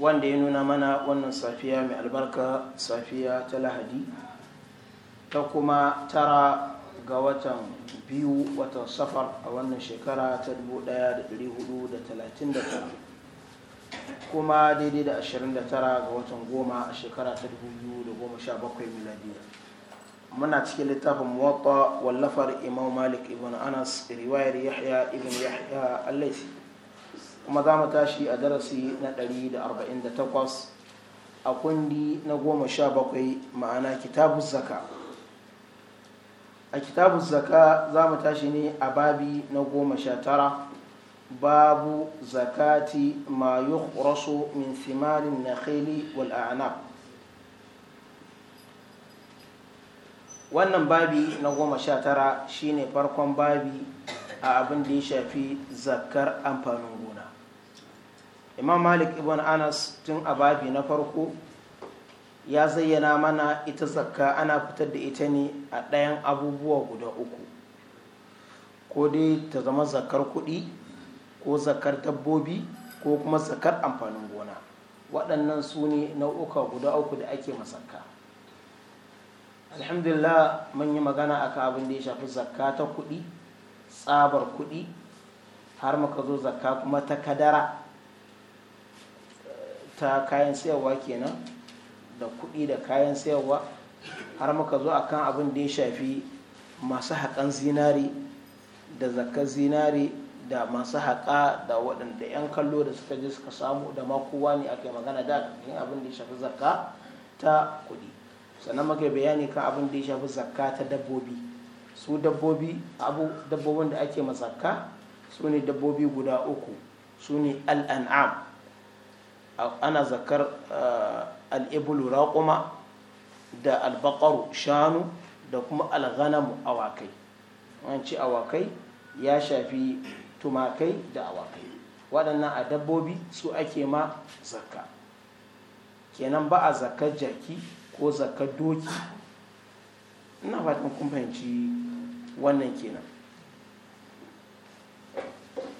wanda ya nuna mana wannan safiya mai albarka safiya ta lahadi ta kuma tara ga watan biyu watan safar a wannan shekara ta 1439 kuma daidai da 29 ga watan goma a shekara ta 2017 miladiya muna cikin littafin muwatta wallafar imam malik ibn anas riwayar yahya ibn yahya allaisi kuma za mu tashi a darasi na 148 a kundi na 17 ma'ana kitabun zaka a kitabun zaka za mu tashi ne a babi na 19 babu zakati ma yukhrasu min thimarin nakhili wal a'nab wannan babi na goma sha tara shine farkon babi a abin da ya shafi zakar amfanin imam malik ibn anas tun a babi na farko ya zayyana mana ita zakka ana fitar da ita ne a ɗayan abubuwa guda uku ko dai ta zama zakar kuɗi ko zakar dabbobi ko kuma zakar amfanin gona waɗannan su ne nau'uka guda uku da ake masakka alhamdulillah mun yi magana akan abin da ya shafi zakka ta kuɗi tsabar kuɗi har muka zo zakka kuma ta kadara ta kayan sayarwa kenan da kuɗi da kayan sayarwa har muka zo akan abin da ya shafi masu haƙan zinari da zakar zinari da masu haƙa da waɗanda 'yan kallo da suka je suka samu da makowa ne aka yi magana da kan abin da ya shafi zakka ta kuɗi sannan muka bayani kan abin da ya shafi zakka ta dabbobi su dabbobi abu dabbobin da ake ma zakka su ne dabbobi guda uku su ne al'an'am ana zakar eh, al'ibulu raƙuma da albaƙaru shanu da kuma alghanamu awakai ci awakai ya shafi tumakai da awakai waɗannan a dabbobi su ake ma zakka kenan ba a zakar jaki ko zakar doki ina fatan kun fahimci wannan kenan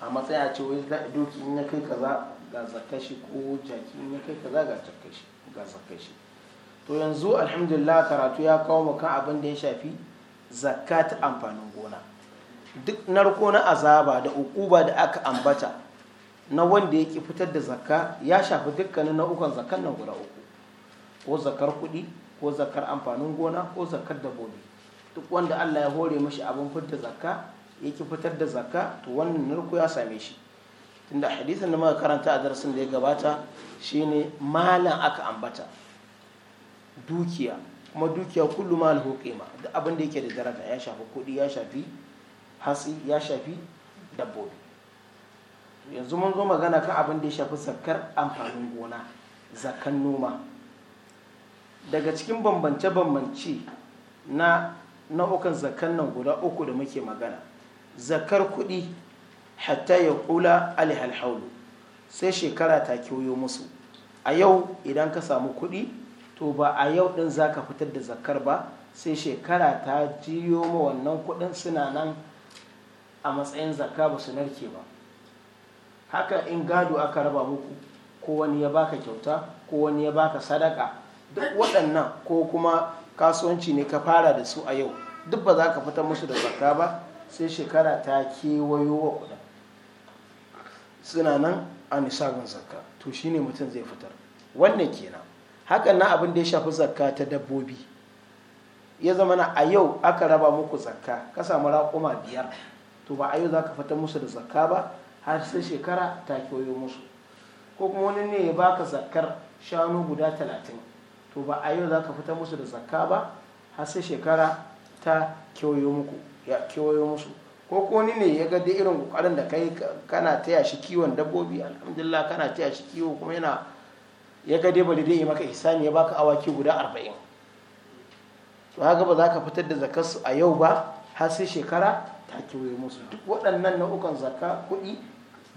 a matsayin a ce doki in ya kai za. ga shi ko jaki ne kai za ga zakar shi ga shi to yanzu alhamdulillah karatu ya kawo mu kan abin da ya shafi zakka ta amfanin gona duk narko na azaba da ukuba da aka ambata na wanda ya ki fitar da zakka ya shafi dukkanin nau'ukan zakkan nan guda uku ko zakar kuɗi ko zakar amfanin gona ko zakar dabbobi duk wanda Allah ya hore mashi abin fitar da zakka ki fitar da zakka to wannan narko ya same shi tunda hadisin da muka karanta a darasin da ya gabata shine malan aka ambata dukiya kuma dukiya kullu ma alhuqima abin da yake da daraja ya shafi kudi ya shafi hasi ya shafi dabbobi yanzu mun zo magana kan abin da ya shafi zakar amfanin gona zakan noma daga cikin bambance-bambance na nau'ukan zakan nan guda uku da muke magana zakar kuɗi hatta ya kula alihal haulu sai shekara ta kiwoyo musu a yau idan ka samu kuɗi to ba a yau ɗin za ka fitar da zakar ba sai shekara ta jiyo ma wannan kuɗin suna nan a matsayin zakka ba su narke ba haka in gado aka raba muku ko wani ya baka kyauta ko wani ya baka sadaka duk waɗannan ko kuma kasuwanci ne ka fara da su a yau duk ba za ka fitar musu da zakka ba sai shekara ta kewayo wa kuɗin suna nan a nisabin zakka to shine mutum zai fitar wannan kenan hakan na abin da ya shafi zakka ta dabbobi ya zama na a yau aka raba muku zakka ka samu raƙuma biyar to ba a yau za ka fitar musu da zakka ba har sai shekara ta kewayo musu ko kuma wani ne ya baka zakkar shanu guda talatin to ba a yau za ka fitar musu da zakka ba har sai shekara ta kewayo musu ko ko ni ne ya ga irin kokarin da kai kana taya shi kiwon dabbobi alhamdulillah kana taya shi kiwo kuma yana ya ga dai bari dai maka ihsani ya baka awaki guda arba'in to haka ba za ka fitar da zakarsu a yau ba har sai shekara ta kiwoye musu duk waɗannan nau'ukan zakka kuɗi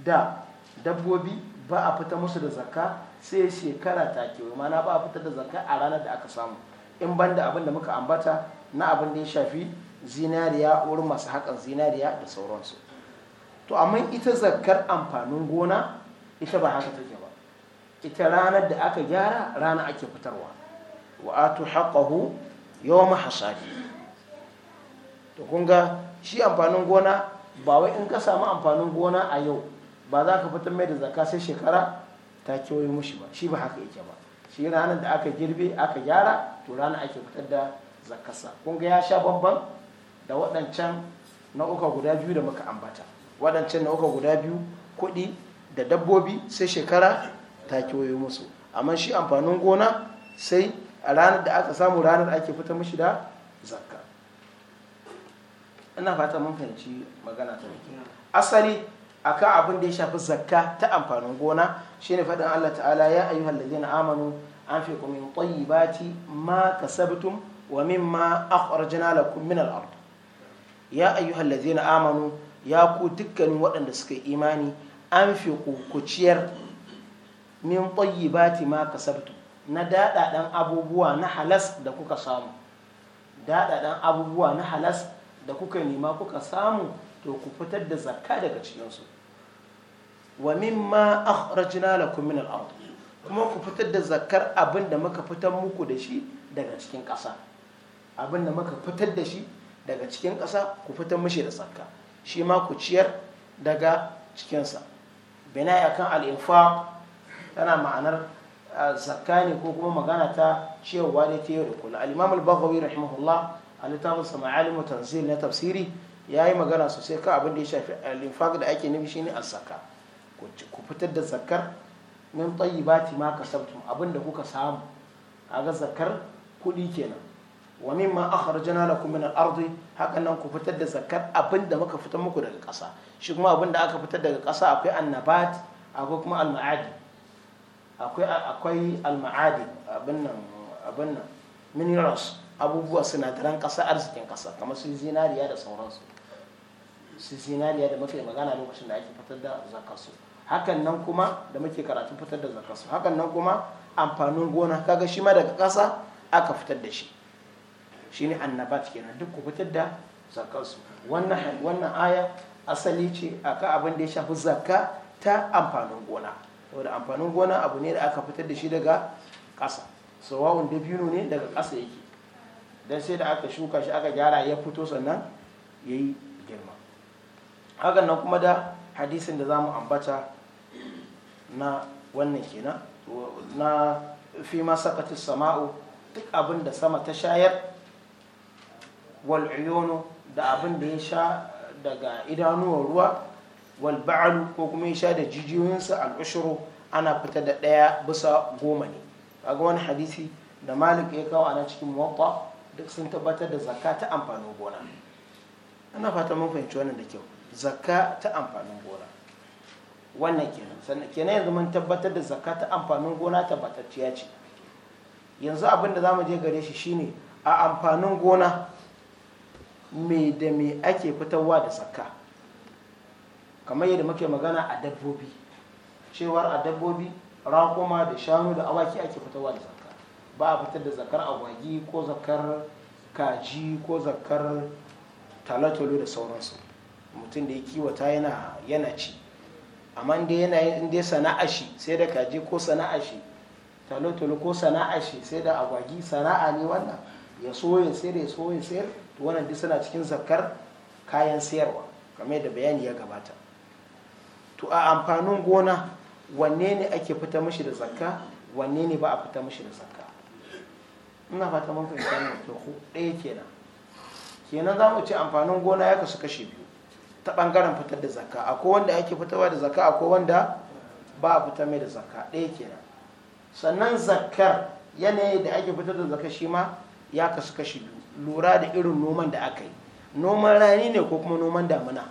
da dabbobi ba a fita musu da zakka sai shekara ta kiwoye mana ba a fitar da zakka a ranar da aka samu in banda abin da muka ambata na abin da ya shafi zinariya wurin masu haƙan zinariya da sauransu to amma ita zakar amfanin gona ita ba haka take ba ita ranar da aka gyara rana ake fitarwa wa a tu haƙahu yawon mahasari to kunga shi amfanin gona ba wai in ka samu amfanin gona a yau ba za ka fitar mai da zaka sai shekara ta kewaye mushi ba shi ba haka yake ba shi ranar da aka girbe aka gyara to rana ake fitar da zakasa kunga ya sha bambam da waɗancan nau'uka guda biyu da muka ambata waɗancan nau'uka guda biyu kuɗi da dabbobi sai shekara ta kewayo musu amma shi amfanin gona sai a ranar da aka samu ranar ake fita mashi da zakka ina fata mun fahimci magana ta asali akan abin da ya shafi zakka ta amfanin gona shine faɗin Allah ta'ala ya ayyuhal ladina amanu anfiqu min tayyibati ma kasabtum wa mimma akhrajna lakum min al-ard ya ayyuhal ladzina amanu ya ku dukkanin waɗanda suka imani an fi kuciyar min tayyibati ma kasabtu na daɗaɗan abubuwa na halas da kuka samu daɗaɗan abubuwa na halas da kuka nema kuka samu to ku fitar da zakka daga cikinsu wa mimma akhrajna lakum min al-ard kuma ku fitar da zakkar abin da muka fitar muku da shi daga cikin ƙasa abin da muka fitar da shi daga cikin ƙasa ku fitar mishi da tsaka. shi ma ku ciyar daga cikinsa bina ya kan al'infa tana ma'anar zakka ne ko kuma magana ta ciyarwa ne ta yau da kula alimamul bagawi rahimahullah a littafin sama alimu tanzil na tafsiri ya yi magana sosai kan abin da ya shafi al'infaq da ake nufi shine al-zakka ku fitar da zakkar min ba ta ma kasabtum abin da kuka samu a ga zakkar kuɗi kenan wa mimma akhrajna lakum min al-ardi hakan nan ku fitar da zakar abin da muka fitar muku daga ƙasa shi kuma abin da aka fitar daga ƙasa akwai annabat akwai kuma al-ma'adi akwai akwai al abin nan abin nan minerals abubuwa sinadaran ƙasa arzikin ƙasa kamar su zinariya da sauransu su zinariya da muke magana lokacin da ake fitar da su hakan nan kuma da muke karatu fitar da su hakan nan kuma amfanin gona kaga shi ma daga ƙasa aka fitar da shi shine annabat kenan duk ku fitar da zakarsu wannan aya asali ce a ka abin da ya shafi zakka ta amfanin gona saboda amfanin gona abu ne da aka fitar da shi daga ƙasa da biyu ne daga ƙasa yake Don sai da aka shuka shi aka gyara ya fito sannan ya yi girma hakan nan kuma da hadisin da za mu ambata na wannan kenan na fi ma sama'u duk abin da sama ta shayar wal da abin da ya sha daga idanuwar ruwa wal ko kuma ya sha da jijiyoyinsa al ushuru ana fita da ɗaya bisa goma ne kaga wani hadisi da malik ya kawo ana cikin muwatta duk sun tabbatar da zakka ta amfanin gona ana fata mun fahimci wannan da kyau zakka ta amfanin gona wannan kenan sannan kenan yanzu mun tabbatar da zakka ta amfanin gona tabbatacciya ce yanzu abin da zamu je gare shi shine a amfanin gona me da me ake fitarwa da zakka kamar yadda muke magana a dabbobi cewar a dabbobi rakuma da shanu da awaki ake fitarwa da zakka ba a fitar da zakar agwagi ko zakar kaji ko zakar talatalo da sauransu mutum da ya kiwata yana yana ci amma inda yana inda sana'a shi sai da kaji ko sana'a shi ko sana'a shi sai da agwagi sana'a ne wannan ya soya sai da ya soya sai to wannan duk suna cikin zakar kayan sayarwa kamar yadda bayani ya gabata to a amfanin gona wanne ne ake fita mashi da zakka wanne ne ba a fita mashi da zakka ina fata mun fahimta ne to ku ɗaya kenan kenan za mu ce amfanin gona ya kasu kashe biyu ta ɓangaren fitar da zakka akwai wanda ake fitarwa da zakka akwai wanda ba a fita mai da zakka ɗaya kenan sannan zakkar yanayi da ake fitar da zakka shi ma ya kasu kashe biyu lura da irin noman da aka yi noman rani ne ko kuma noman damuna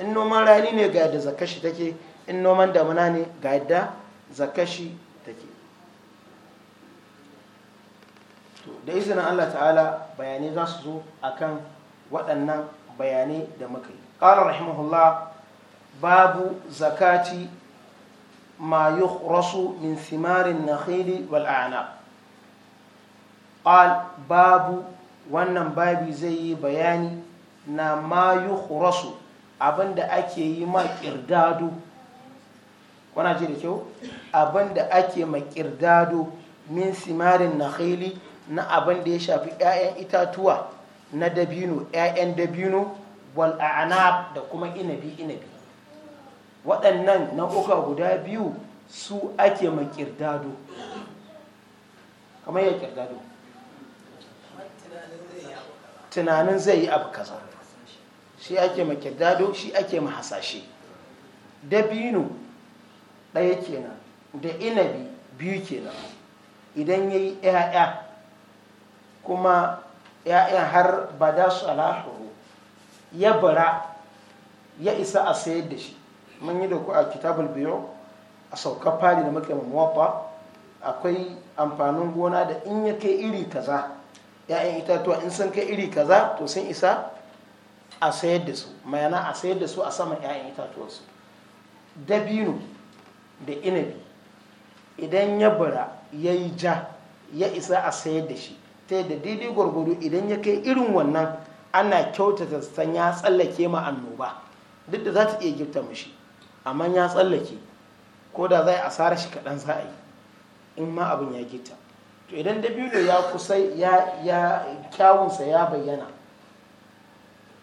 in noman rani ne ga yadda zakashi take in noman damuna ne ga yadda zakashi take da izinin Allah ta'ala bayanai za su zo akan waɗannan bayanai da muka yi ƙarar rahimahullah babu zakati ma yukhrasu min thimarin nakhili wal a'nab قال باب wannan babi zai yi bayani na mayu kurasu abinda ake yi ma kirdado wana ji da kyau abinda ake ma kirdado min simarin na khaili na abinda ya shafi 'ya'yan itatuwa na dabino 'ya'yan dabino wal a'anab da kuma inabi inabi waɗannan nau'uka guda biyu su ake ma kirdado kamar ya kirdado tunanin zai yi abu kaza shi ake ma kirdado shi ake ma hasashe dabino ɗaya kenan da inabi biyu kenan idan ya yi ‘ya'ya kuma yaya har ba da su alahuru ya bara ya isa a sayar da shi mun yi da ku a kitabul biyu a saukar fari da muke mawafa akwai amfanin gona da in ya kai iri kaza 'ya'yan itatuwa in sun kai iri kaza to sun isa a sayar da su mayana a sayar da su a saman 'ya'yan itatuwarsu dabino da inabi idan ya bara ya yi ja ya isa a sayar da shi ta da daidai gwargwado idan ya kai irin wannan ana kyautata san ya tsallake ma annoba duk da za ta iya girta mashi amma ya tsallake ko da za a asara shi kaɗan za a yi in ma abin ya girta to idan dabino ya kusa ya ya kyawunsa ya bayyana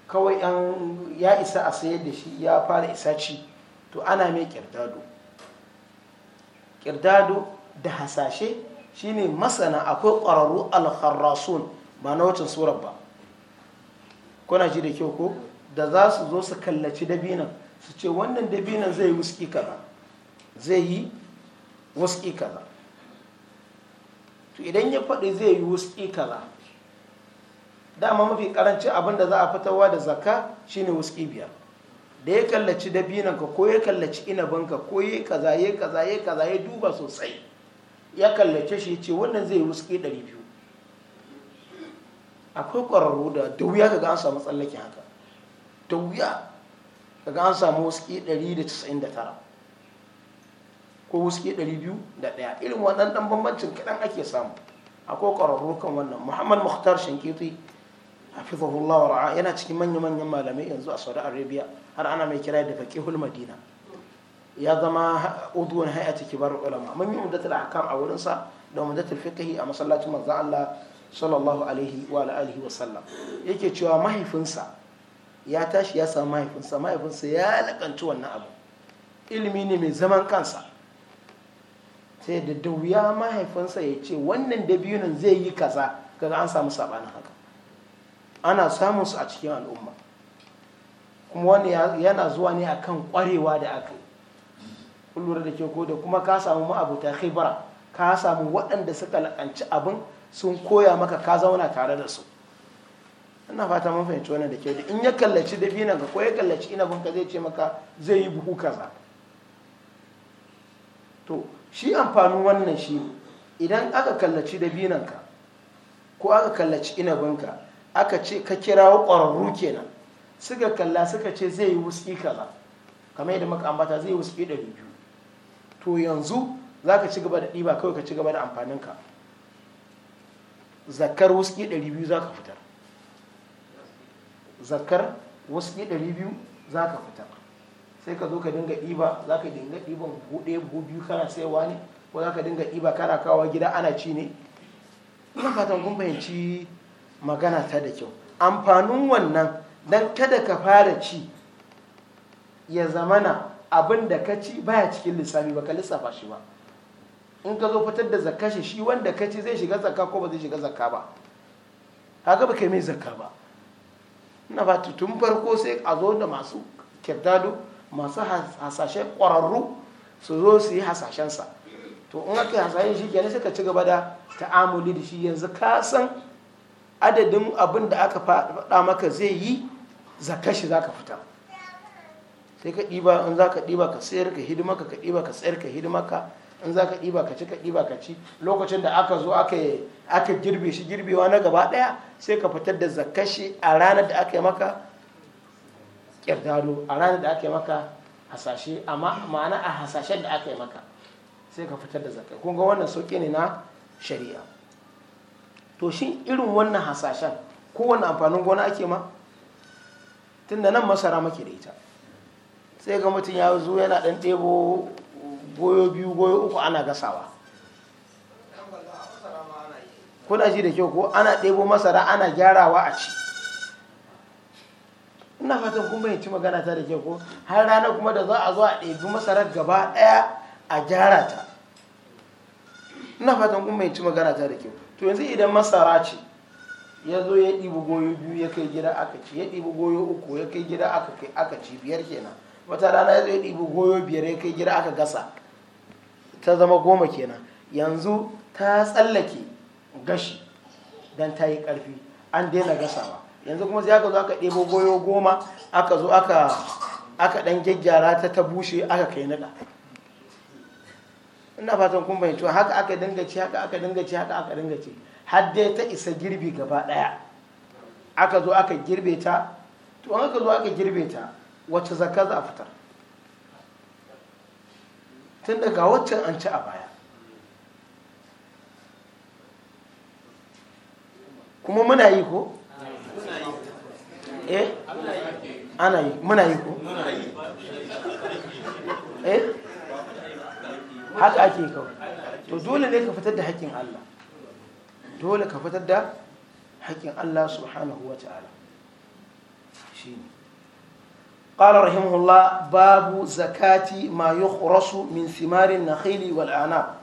kawai an ya isa a sayar da shi ya fara isa ci to ana mai kirdado kirdado da hasashe shine masana akwai ƙwararru alharrasun ba na wacin surar ba kuna ji da kyau ko da za su zo su kallaci dabinan su ce wannan dabinan zai yi wasu kaza zai yi wuski kaza to idan ya faɗi zai yi wuski kaza dama mafi karanci abin da za a fitarwa da zakka shine wuski biyar da ya kallaci dabinanka ko ya kallaci inabinka ko ya kaza ya kaza ya kaza ya duba sosai ya kallace shi ce wannan zai yi wuski ɗari biyu akwai ƙwararru da da wuya ga an samu tsallake haka da wuya ga an samu wuski ɗari da casa'in da tara ko wuske 201 irin wannan dan bambancin kaɗan ake samu akwai ƙwararru kan wannan muhammad muhtar shankiti hafizahullah wa ra'a yana cikin manya-manyan malamai yanzu a saudi arabia har ana mai kira da faƙihul madina ya zama uduwan hayati kibar ulama mun yi mudatul ahkam a wurinsa da mudatul fiqhi a masallacin manzon sallallahu alaihi wa alihi wa sallam yake cewa mahaifinsa ya tashi ya samu mahaifinsa mahaifinsa ya lakanci wannan abu ilimi ne mai zaman kansa sai da da wuya mahaifinsa ya ce wannan nan zai yi kaza kaga an samu sabanin haka ana samun su a cikin al'umma kuma wani yana zuwa ne a kan kwarewa da aka yi lura da ke ko da kuma ka samu ma'abuta khibra ka samu waɗanda suka lakanci abin sun koya maka ka zauna tare da su ina fata mun fahimci wannan da kyau da in ya kallaci dabino ka ko ya kallaci inabin ka zai ce maka zai yi buhu kaza to shi amfanin wannan shi idan aka kallaci dabinanka ko aka kallaci inabinka aka ce ka kirawo ƙwararru kenan suka kalla suka ce zai yi wuski kaza kamar yadda muka ambata zai yi wuski ɗari biyu to yanzu za ka ci gaba da ɗiba kawai ka ci gaba da amfaninka zakar wuski ɗari biyu za ka fitar zakar wuski ɗari biyu za ka fitar sai ka zo ka dinga ɗiba za ka dinga ɗiban buɗe biyu kana sayarwa ne ko za ka dinga ɗiba kana kawo gida ana ci ne ina fatan kun fahimci magana ta da kyau amfanin wannan dan kada ka fara ci ya zamana abin da ka ci baya cikin lissafi ba ka lissafa shi ba in ka zo fitar da zakka shi shi wanda ka ci zai shiga zakka ko ba zai shiga zakka ba haka ba kai mai zakka ba ina fata tun farko sai a zo da masu kyadado masu hasashe ƙwararru su zo su yi hasashensa to in aka yi hasashen shi kenan sai ka ci gaba da ta'amuli da shi yanzu ka san adadin abin da aka faɗa maka zai yi zakashi za ka fita sai ka ɗiba in za ka ɗiba ka sayar ka hidima ka ɗiba ka sayar ka hidima ka in za ka ɗiba ka ci ka ɗiba ka ci lokacin da aka zo aka girbe shi girbewa na gaba ɗaya sai ka fitar da zakashi a ranar da aka yi maka kirdado a ranar da aka yi maka hasashe amma ma'ana a hasashen da aka yi maka sai ka fitar da zakai kunga wannan sauƙi ne na shari'a to shin irin wannan hasashen kowane amfanin gona ake ma tun da nan masara maki da ita sai ga mutum ya zo yana ɗan ɗebo goyo biyu goyo uku ana gasawa kuna ji da kyau ko ana ɗebo masara ana gyarawa a ci ina fatan kun bayyanci magana ta da ke ko har rana kuma da za a zo a ɗebi masarar gaba ɗaya a gyara ta ina fatan kun bayyanci magana ta da ke to yanzu idan masara ce ya zo ya ɗibi goyo biyu ya kai gida aka ci ya ɗibi goyo uku ya kai gida aka kai aka ci biyar kenan wata rana ya zo ya ɗibi goyo biyar ya kai gida aka gasa ta zama goma kenan yanzu ta tsallake gashi don ta yi ƙarfi an daina gasawa yanzu kuma sai aka zo aka ɗebo goyo goma aka zo aka ɗan gyaggyara ta ta bushe aka kai naɗa ina fatan kun fahimci haka aka dinga ci haka aka dinga ci haka aka dinga ci har dai ta isa girbi gaba ɗaya aka zo aka girbe ta to an aka zo aka girbe ta wacce zaka za a fitar tun daga waccan an ci a baya kuma muna yi ko eh ana yi muna yi ko eh haka ake kawai to dole ne ka fitar da haƙƙin Allah dole ka fitar da haƙƙin Allah subhanahu wa ta'ala shi ne ƙala rahimahullah babu zakati ma yi rasu min simarin na khili wal ana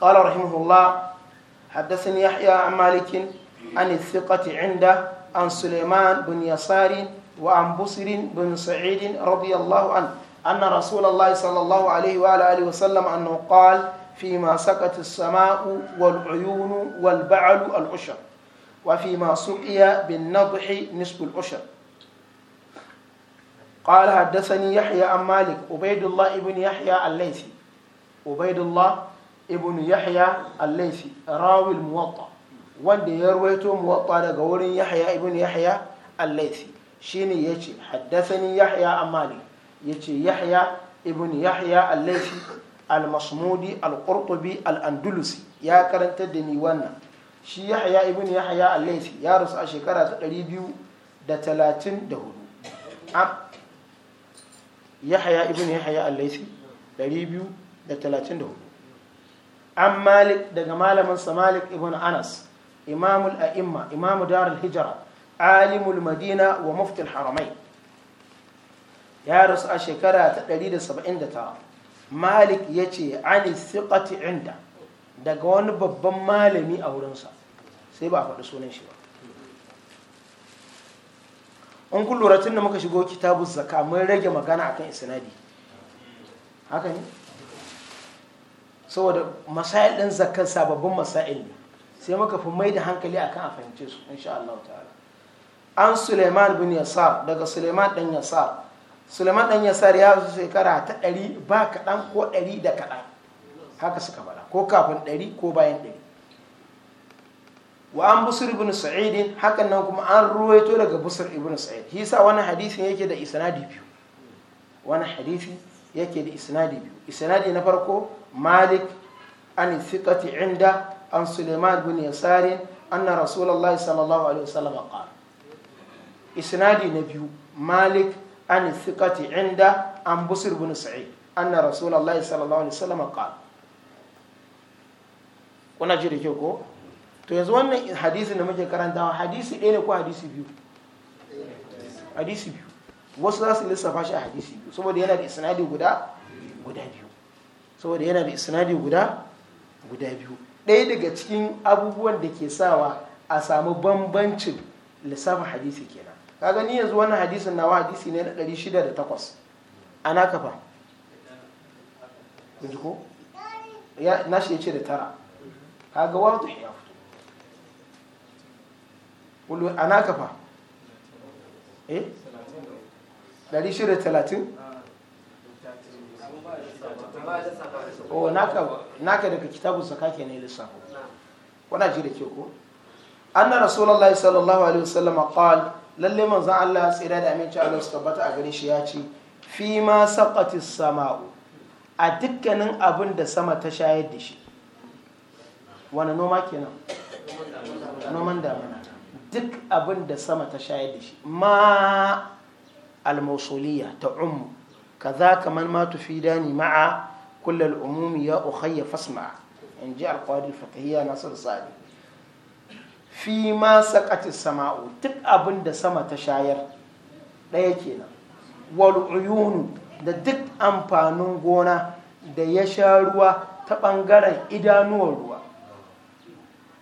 ƙala rahimahullah haddasin yahya an malikin an thiqati inda عن سليمان بن يسار وعن بصر بن سعيد رضي الله عنه أن رسول الله صلى الله عليه وعلى آله وسلم أنه قال فيما سكت السماء والعيون والبعل العشر وفيما سقي بالنضح نصف العشر قال حدثني يحيى عن مالك عبيد الله ابن يحيى الليثي عبيد الله ابن يحيى الليثي راوي الموطأ wanda ya ruwaito muwatta daga wurin yahya ibn yahya al ce shine yace haddathani yahya amali ce yahya ibn yahya al-laythi al-masmudi al-qurtubi al-andalusi ya karanta da ni wannan shi yahya ibn yahya al-laythi ya rasu a shekara ta 234 yahya ibn yahya al-laythi 234 an malik daga malamin sa malik ibn anas imamul a'imma imamu darul hijra alimul madina wa muftil haramai ya rasu a shekara ta ɗari da saba'in 179 malik ya ce ani siqati inda daga wani babban malami a wurinsa sai ba a faɗi sunan shi ba in kun lura tun da muka shigo kitabu zaka mun rage magana akan isnadi haka saboda masail din zakkan sabbin masail ne sai maka fi mai da hankali akan a fahimce su insha Allah ta'ala an Suleiman bin Yasar daga Suleiman dan Yasar Suleiman dan Yasar ya zo shekara ta ɗari ba kaɗan ko ɗari da kaɗan haka suka faɗa ko kafin ɗari ko bayan ɗari wa an busur ibn sa'idin hakan nan kuma an ruwaito daga busur ibn sa'id hisa wani hadisin yake da isnadi biyu wani hadisi yake da isnadi biyu isnadi na farko malik an thiqati inda عن سليمان بن يسار أن رسول الله صلى الله عليه وسلم قال إسناد نبي مالك عن الثقة عند عن بصر بن سعيد أن رسول الله صلى الله عليه وسلم قال kuna ji da ko to yanzu wannan hadisi da muke karantawa hadisi ɗaya ne ko hadisi biyu hadisi biyu wasu za su lissafa shi a hadisi biyu saboda yana da isnadi guda guda biyu saboda yana da isnadi guda guda biyu ɗaya daga cikin abubuwan da ke sawa a samu bambancin lissafin hadisi kenan kaga ni yanzu wannan hadisin nawa hadisi ne na 608 ana kafa yanzu ko ya nashi yace da tara kaga wato ya fito kullu ana kafa eh 630 o oh, naka daga kitabun zaka ke ne lissafo wana ji da ke ko na rasulallah sallallahu alaihi wasallam qal lalle manzon Allah ya tsira da aminci Allah su tabbata a gare shi ya ce fi ma saqati sama'u a dukkanin abin da sama ta shayar da shi wani noma kenan noman damina duk abin da sama ta shayar da shi ma al mausuliyya ta ummu kaza kamar ma tufidani ma'a kullal umumi ya ukhayya fasma in ji alqadi fatahiyya nasir sa'di fi ma saqati sama'u duk abinda sama ta shayar ɗaya kenan wal da duk amfanin gona da ya sha ruwa ta ɓangaren idanuwar ruwa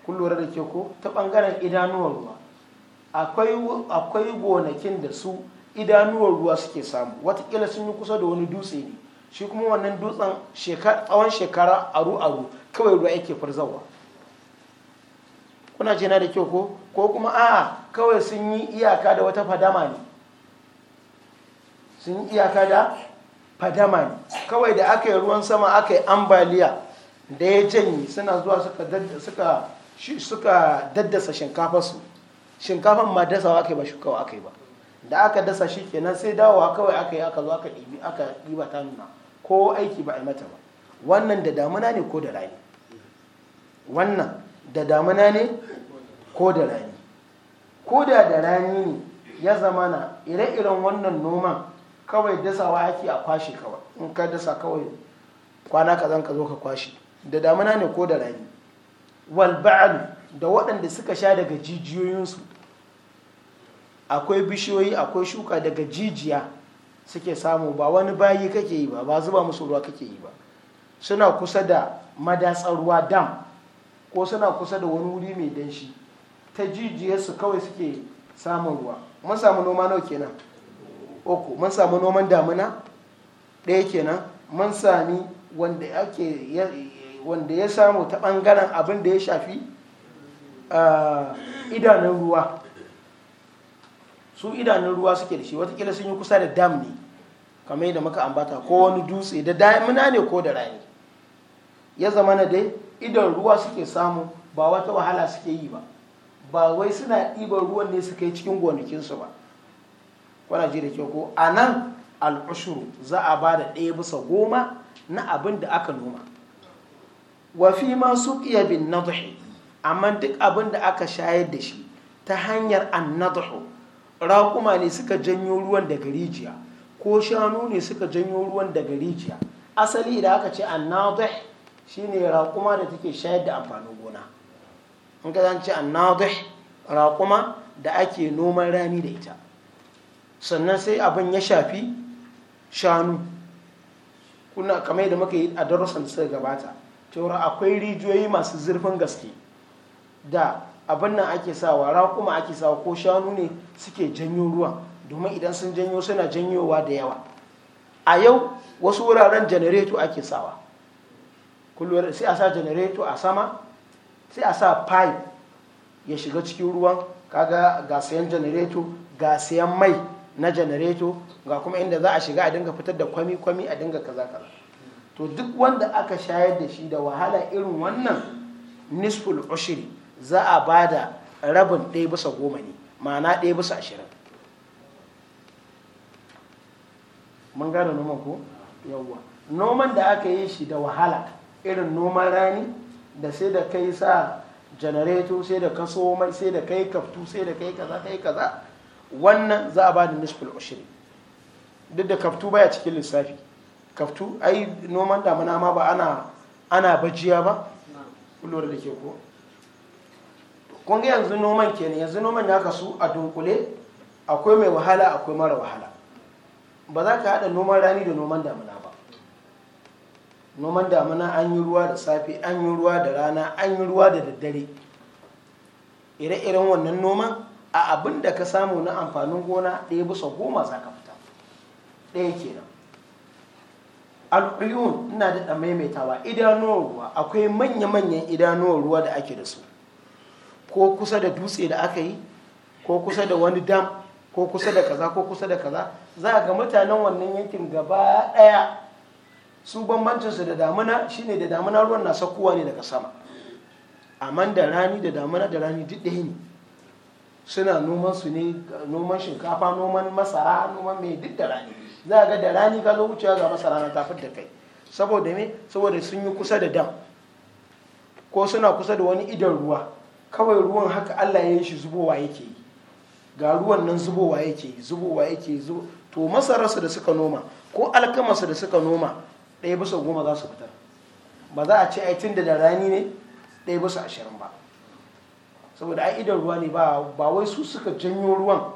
kun da ke ko ta ɓangaren idanuwar ruwa akwai gonakin da su idanuwar ruwa suke samu watakila sun yi kusa da wani dutse ne shi kuma wannan dutsen tsawon shekara aru aru kawai ruwa yake farzawa kuna ce na da kyau ko ko kuma a'a kawai sun yi iyaka da wata fadama ne sun yi iyaka da fadama ne kawai da aka yi ruwan sama aka yi ambaliya da ya janye suna zuwa suka daddasa shinkafarsu shinkafan ma dasawa aka yi ba shukawa aka yi ba da aka dasa shi kenan sai dawowa kawai aka yi aka zo aka ɗibi aka ɗiba ta nuna ko aiki ba a mata ba wannan da damuna ne ko da rani wannan da damuna ne ko da rani ko da da rani ne ya zama na ire-iren wannan noman kawai dasawa ake a kwashe kawai in ka dasa kawai kwana ka zan ka zo ka kwashe da damuna ne ko da rani walba'alu da waɗanda suka sha daga jijiyoyinsu akwai bishiyoyi akwai shuka daga jijiya suke samu ba wani bayi kake yi ba ba zuba musu ruwa kake yi ba suna kusa da madatsar ruwa dam ko suna kusa da wani wuri mai danshi ta jijiyarsu kawai suke samun ruwa mun samu noma nawa kenan uku mun samu noman damuna ɗaya kenan mun sami wanda ya samu ta ɓangaren abin da ya shafi ah, idanun ruwa su idanun ruwa suke da shi watakila sun yi kusa da dam ne kamar da muka ambata ko wani dutse da damina ne ko da rani ya zama na dai idan ruwa suke samu ba wata wahala suke yi ba ba wai suna ɗiban ruwan ne suka yi cikin gonakinsu ba kwana ji da kyau ko a nan al'ushuru za a ba da ɗaya bisa goma na abin da aka noma wafi ma suƙiya bin nadhi amma duk abin da aka shayar da shi ta hanyar an nadhu raƙuma ne suka janyo ruwan daga rijiya ko shanu ne suka janyo ruwan daga rijiya asali da aka ce annadih shine raƙuma da take shayar da amfanin gona in ka zance annadih raƙuma da ake noman rani da ita sannan sai abin ya shafi shanu kuna kamar yadda muka yi a darussan da gabata cewa akwai rijiyoyi masu zurfin gaske da abin nan ake sawa raƙuma ake sawa ko shanu ne suke janyo ruwa domin idan sun janyo suna janyowa da yawa a yau wasu wuraren janareto ake sawa kullum sai a sa janareto a sama sai a sa pipe ya shiga cikin ruwan kaga ga sayan janareto ga sayan mai na janareto ga kuma inda za a shiga a dinga fitar da kwami-kwami a dinga kaza kaza to duk wanda aka shayar da shi da wahala irin wannan nisful ushiri za a ba da rabin ɗaya bisa goma ne ma'ana ɗaya bisa ashirin mun gane noman ko yawwa noman da aka yi shi da wahala irin noman rani da sai da kai sa janareto sai da kaso mai sai da kai kaftu sai da kai kaza kai kaza wannan za a ba da nisful ushri duk da kaftu baya cikin lissafi kaftu ai noman damuna ma ba ana ana bajiya ba kullum da ke ko kun ga yanzu noman kenan yanzu noman ya kasu a dunkule akwai mai wahala akwai mara wahala ba za ka haɗa noman rani da noman damuna ba noman damuna an yi ruwa da safe an yi ruwa da rana an yi ruwa da daddare ire-iren wannan noman a abin da ka samu na amfanin gona ɗaya bisa goma za ka fita ɗaya kenan al'uyun na da maimaitawa idanuwar ruwa akwai manya-manyan idanuwar ruwa da ake da su ko kusa da dutse da aka yi ko kusa da wani dam ko kusa da kaza ko kusa da kaza za a ga mutanen wannan yankin gaba ɗaya su bambancinsu da damuna shine da damuna ruwan na sakuwa ne daga sama amma da rani da damuna da rani duk ɗaya ne suna noman su ne noman shinkafa noman masara noman mai duk da rani za a ga da rani ka zo wucewa ga masara na tafi da kai saboda me saboda sun yi kusa da dam ko suna kusa da wani idan ruwa kawai ruwan haka Allah ya yi shi zubowa yake yi ga ruwan nan zubowa yake yi zubowa yake yi to masararsa da suka noma ko alkamarsa da suka noma ɗaya bisa goma za su fitar ba za a ce ai tun da rani ne ɗaya bisa ashirin ba saboda a idan ruwa ne ba wai su suka janyo ruwan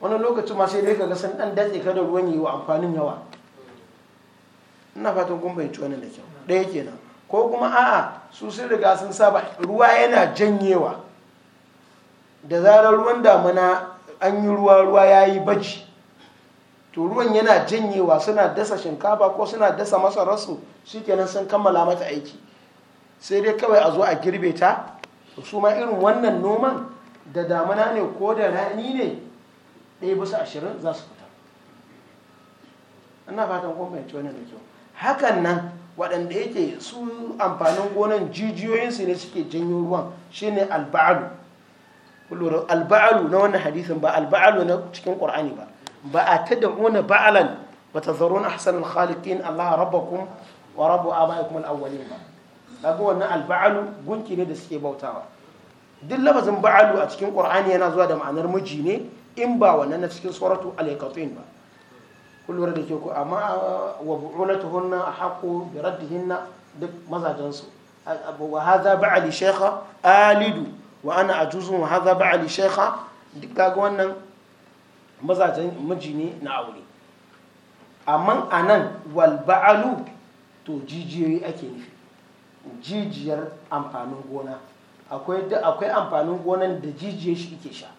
wani lokaci ma sai dai ka ga san ɗan datse kada ruwan yi wa amfanin yawa ina fatan kun bayanci wannan da kyau ɗaya kenan ko kuma a'a su sun riga sun saba ruwa yana janyewa da zarar ruwan damuna an yi ruwa ruwa ya yi baji to ruwan yana janyewa suna dasa shinkafa ko suna dasa masararsu nan sun kammala mata aiki sai dai kawai a zo a girbe ta su ma irin wannan noman da damuna ne ko da rani ne ɗaya bisa ashirin za su fita Ana fatan kun fahimci wannan da kyau hakan nan waɗanda yake su amfanin gonan jijiyoyinsu ne suke janyo ruwan shine alba'alu alba'alu na wannan hadisin ba alba'alu na cikin qur'ani ba ba a tad'una ba'alan wa tazarun ahsanal khaliqin Allah rabbakum wa rabbu abaikum al-awwalin ba kaga wannan alba'alu gunki ne da suke bautawa duk lafazin ba'alu a cikin qur'ani yana zuwa da ma'anar miji ne in ba wannan na cikin suratu al ba kullum da ke ku amma ah, wa bu'ulatuhunna da bi raddihinna duk mazajen su wa hadha ba'ali shaykha alidu wa ana ajuzun wa hadha ba'ali shaykha duk kaga wannan mazajen miji ne na aure amma anan wal ba'alu to jijiyoyi ake nufi jijiyar amfanin gona akwai akwai amfanin gonan da jijiyar shi ke sha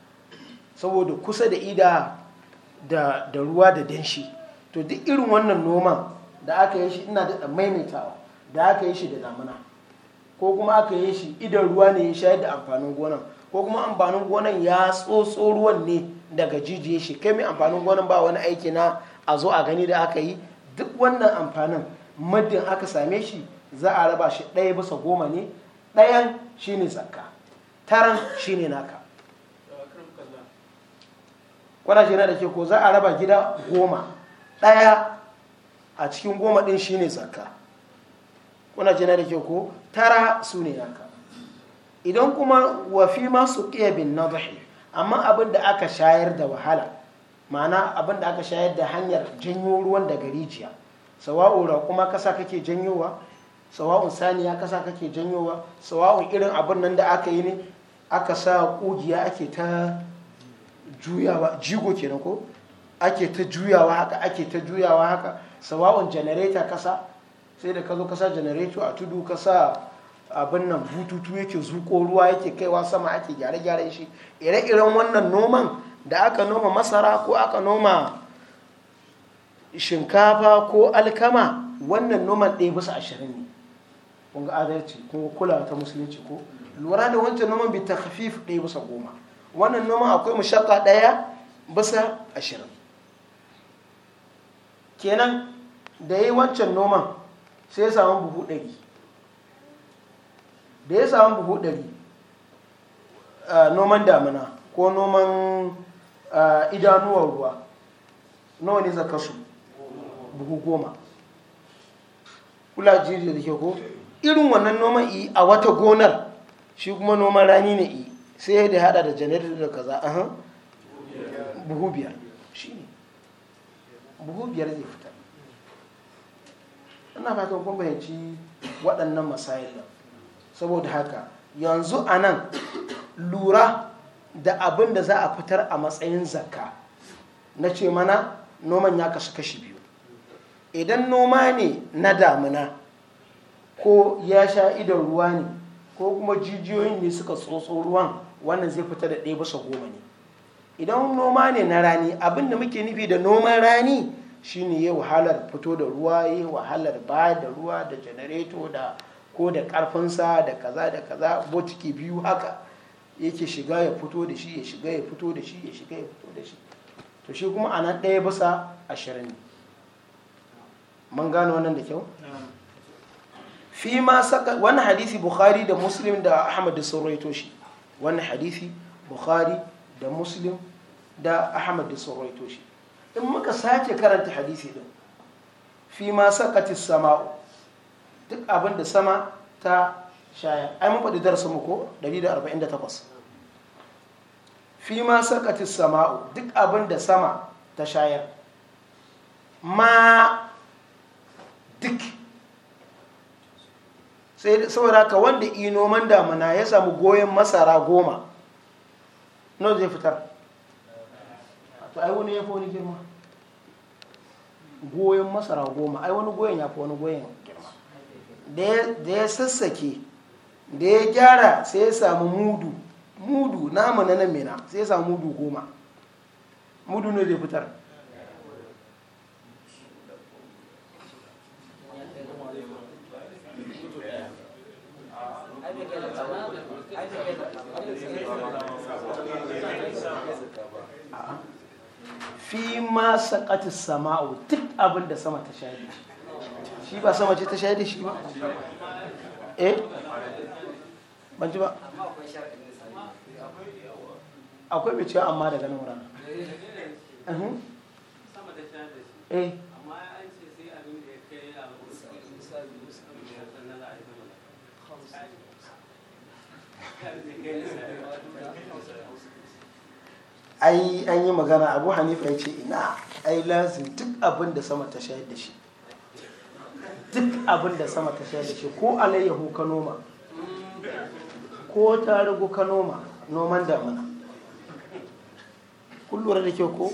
saboda kusa da ida da ruwa da danshi to duk irin wannan noman da aka yi shi ina da maimaitawa da aka yi shi da damuna ko kuma aka yi shi idan ruwa ne ya shayar da amfanin gonan ko kuma amfanin gonan ya tsotso ruwan ne daga jijiye shi kai mai amfanin gonan ba wani aiki na a zo a gani da aka yi duk wannan amfanin muddin aka same shi za a raba shi ɗaya bisa goma ne ɗayan shine zakka taran shine naka kwana na da ke ko za a raba gida goma ɗaya a cikin goma ɗin shine zakka kuna jina da ke ko tara su ne naka idan kuma wafi masu ƙebin na amma abin da aka shayar da wahala ma'ana abin da aka shayar da hanyar janyo ruwan daga rijiya sawa'un kuma kasa kake janyowa sawa'un saniya kasa kake janyowa sawa'un irin abin nan da aka yi ne aka sa ƙugiya ake ta juyawa jigo kenan ko ake ta juyawa haka ake ta juyawa haka sawa'un janareta kasa sai da ka zo kasa janareto a tudu kasa abin nan bututu yake zuko ruwa yake kaiwa sama ake gyare gyare shi ire-iren wannan noman da aka noma masara ko aka noma shinkafa ko alkama wannan noman ɗaya bisa ashirin ne kunga adalci kunga kula ta musulunci ko lura da wancan noman bi ta hafif ɗaya bisa goma wannan noman akwai mushakka ɗaya bisa ashirin kenan da ya yi wancan noman sai ya samu buhu ɗari da ya samu buhu ɗari noman damina ko noman idanuwar ruwa nawa ne zaka su buhu goma kula jiri da ke ko irin wannan noman yi a wata gonar shi kuma noman rani ne yi sai da hada da janar da kaza buhu biyar shi ne buhu biyar zai fita ina fatan kun fahimci waɗannan masayin nan saboda haka yanzu a nan lura da abin da za a fitar a matsayin zakka na ce mana noman ya kasu kashi biyu idan noma ne na damuna ko ya sha idon ruwa ne ko kuma jijiyoyin ne suka tsotso ruwan wannan zai fita da ɗaya bisa goma ne idan noma ne na rani abin da muke nufi da noman rani shine ya wahalar fito da ruwa ya wahalar ba da ruwa da janareto da ko da karfinsa da kaza da kaza bociki biyu haka yake shiga ya fito da shi ya shiga ya fito da shi ya shiga ya fito da shi to shi kuma anan ɗaya bisa ashirin ne mun gano wannan da kyau fi ma saka wani hadisi bukhari da muslim da ahmad da sun shi wani hadisi bukhari da muslim da ahmad da sauraito shi in muka sace karanta hadisi din fi ma sakati sama'u duk abin da sama ta shaya ai mun faɗi darasin mu ko 148 fi ma sakati sama'u duk abin da sama ta shaya ma duk sai saboda ka wanda ino man damuna ya samu goyon masara goma nawa zai fitar to ai wani ya fi wani girma goyon masara goma ai wani goyon ya fi wani goyon girma da ya sassake da ya gyara sai ya samu mudu mudu namu na nan mina sai ya samu mudu goma mudu ne da fitar ma saqatis sama'u duk abin da sama ta shaye shi ba sama ce ta shaye shi ba eh ban ji ba akwai mai cewa amma daga nan rana eh ai an yi magana abu hanifa ya ce ina ai lazim duk abin da sama ta shayar da shi duk abin da sama ta shayar da shi ko alayyahu ka noma ko ta ragu ka noma noman damuna kun lura da kyau ko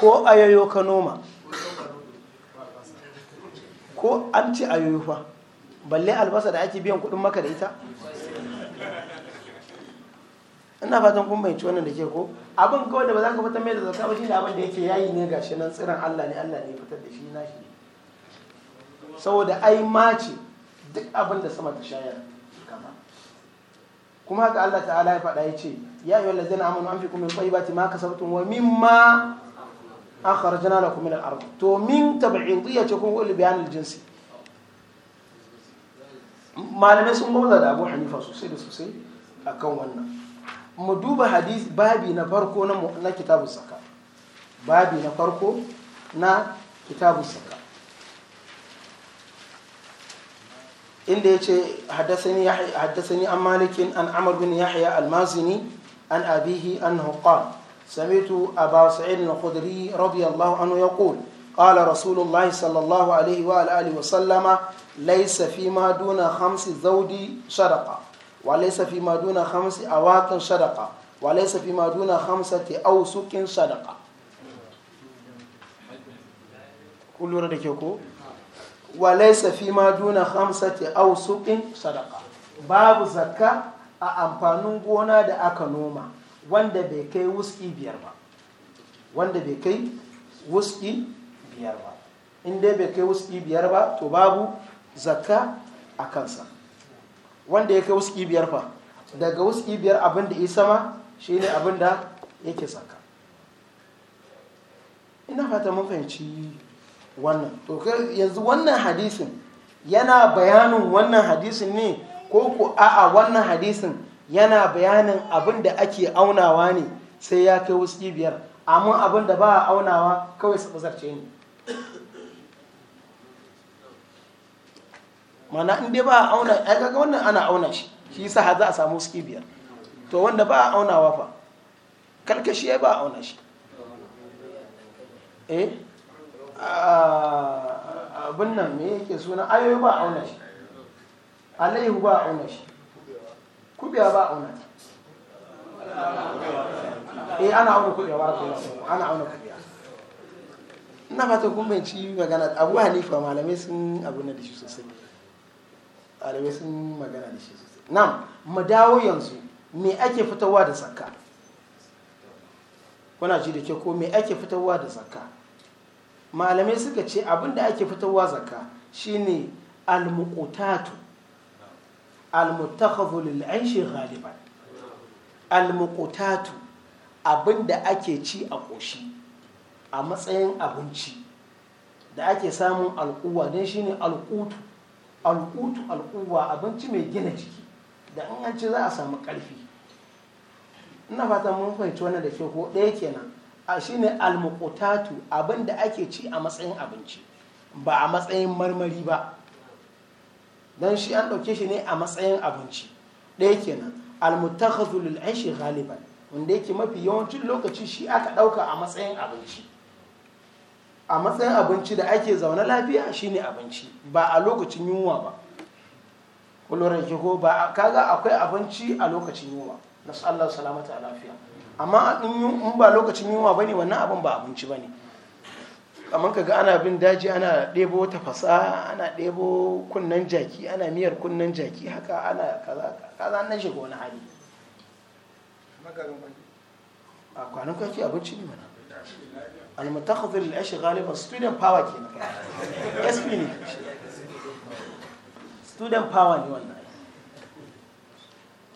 ko ayoyo ka noma ko an ce ayoyo fa balle albasa da ake biyan kudin maka da ita ina fatan kun bayanci wannan da ke ko abin kawai da ba za ka fitar mai da zakka ba shi ne abin da yake yayi ne shi nan tsiran Allah ne Allah ne fitar da shi na shi saboda ai mace duk abin da sama ta shayar kama kuma haka Allah ta'ala ya faɗa ya ce ya yi wallazi na amonu an fi kuma tsayi bati ma ka sabtun wa min ma an kharajana da kuma arba to min tabi'in ya ce kuma wani bayanin jinsi malamai sun gwamza da abu hanifa sosai da sosai akan wannan mu duba hadith babi na farko na kitabu saka babi na farko na kitabu saka inda ya ce haddasani an malikin an amar bin yahya almazini an abihi an huqal samitu aba sa'id al-khudri radiyallahu anhu yaqul قال رسول الله صلى الله عليه وآله وسلم ليس ma duna خمس zaudi شرقة وليس فيما دون خمس أواق صدقة وليس فيما دون خمسة أوسق صدقة كل ورد كيكو وليس فيما دون خمسة أوسق صدقة باب زكاة أمفانون غونا دا أكا نوما wanda bai kai wuski biyar ba wanda bai kai wuski biyar ba in dai bai kai wuski biyar ba to babu zakka a kansa wanda ya kai wasu biyar fa daga wasu biyar abin da isa ma shine abin da yake saka ina fata mun fahimci wannan to yanzu wannan hadisin yana bayanin wannan hadisin ne ko ku a'a wannan hadisin yana bayanin abin da ake aunawa ne sai ya kai wasu biyar amma abin da ba a aunawa kawai su ne mana in dai ba a auna ai kaga wannan ana auna shi shi yasa har za a samu ski biyar to wanda ba a auna wa fa karkashi ya ba a auna shi eh abin nan me yake suna ayoyi ba a auna shi alaihu ba a auna shi kubiya ba a auna shi eh ana auna kubiya ba ana auna kubiya ina fata kun ci magana abu hanifa malamai sun abu na da shi sosai malamai sun magana da shi sosai mu yanzu me ake fitowa da zakka kuna ji da ke ko me ake fitowa da zakka malamai suka ce abinda ake fitowa zakka shine almuqutatu almutakhadhu lil aishi ghaliban almuqutatu abinda ake ci a ƙoshi a matsayin abinci da ake samun alƙuwa don shine alƙutu al'utu al'uwa abinci mai gina jiki da in an ci za a samu ƙarfi ina fata mun fahimci wannan da ke ko ɗaya kenan a shine almukutatu abin da ake ci a matsayin abinci ba a matsayin marmari ba don shi an ɗauke shi ne a matsayin abinci ɗaya kenan almutakhazul lil aishi ghaliban wanda yake mafi yawancin lokaci shi aka ɗauka a matsayin abinci a matsayin abinci da ake zaune lafiya shine abinci ba a lokacin yunwa ba kullum ke ko ba kaga akwai abinci a lokacin yunwa na sallar salamata a lafiya amma in ba lokacin yunwa ba ne wannan abin ba abinci ba ne kamar kaga ana bin daji ana ɗebo tafasa ana ɗebo kunnen jaki ana miyar kunnen jaki haka ana kaza kaza na shiga wani hali a kwanan kwaki abinci ne mana almutakhazir al'ashir galiban student power ke na sp ne student power ne wannan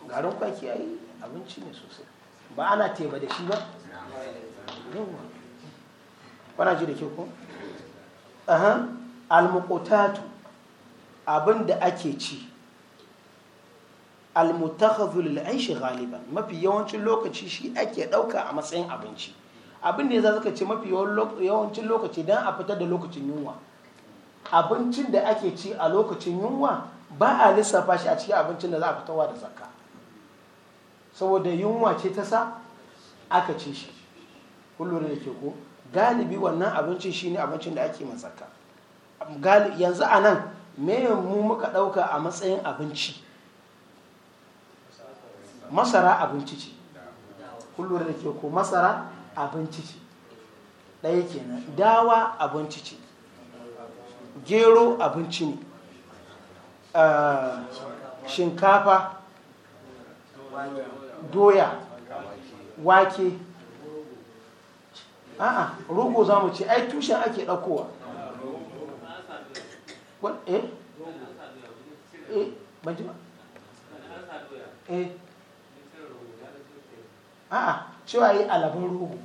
garin kwaki ya yi abinci ne sosai ba ana teba da shi ba kwana ji da ke ko almukotatu abin da ake ci almutakhazir al'ashir galiban mafi yawancin lokaci shi ake ɗauka a matsayin abinci abin da ya za suka ce mafi yawancin lokaci don a fitar da lokacin yunwa abincin da ake ci a lokacin yunwa ba a lissafa shi a cikin abincin da za a fitarwa da zakka saboda yunwa ce ta sa aka ci shi kullum da ke ko galibi wannan abincin shi ne abincin da ake mazaka yanzu a nan me mu muka ɗauka a matsayin abinci masara abinci ce kullum da ke ko masara abinci ce ɗaya kenan dawa abinci ce gero abinci ne eh, shinkafa doya wake a'a rogo za mu ce ai tushen ake ɗaukowa eh eh ban ji ba eh a'a cewa yi alabar rogo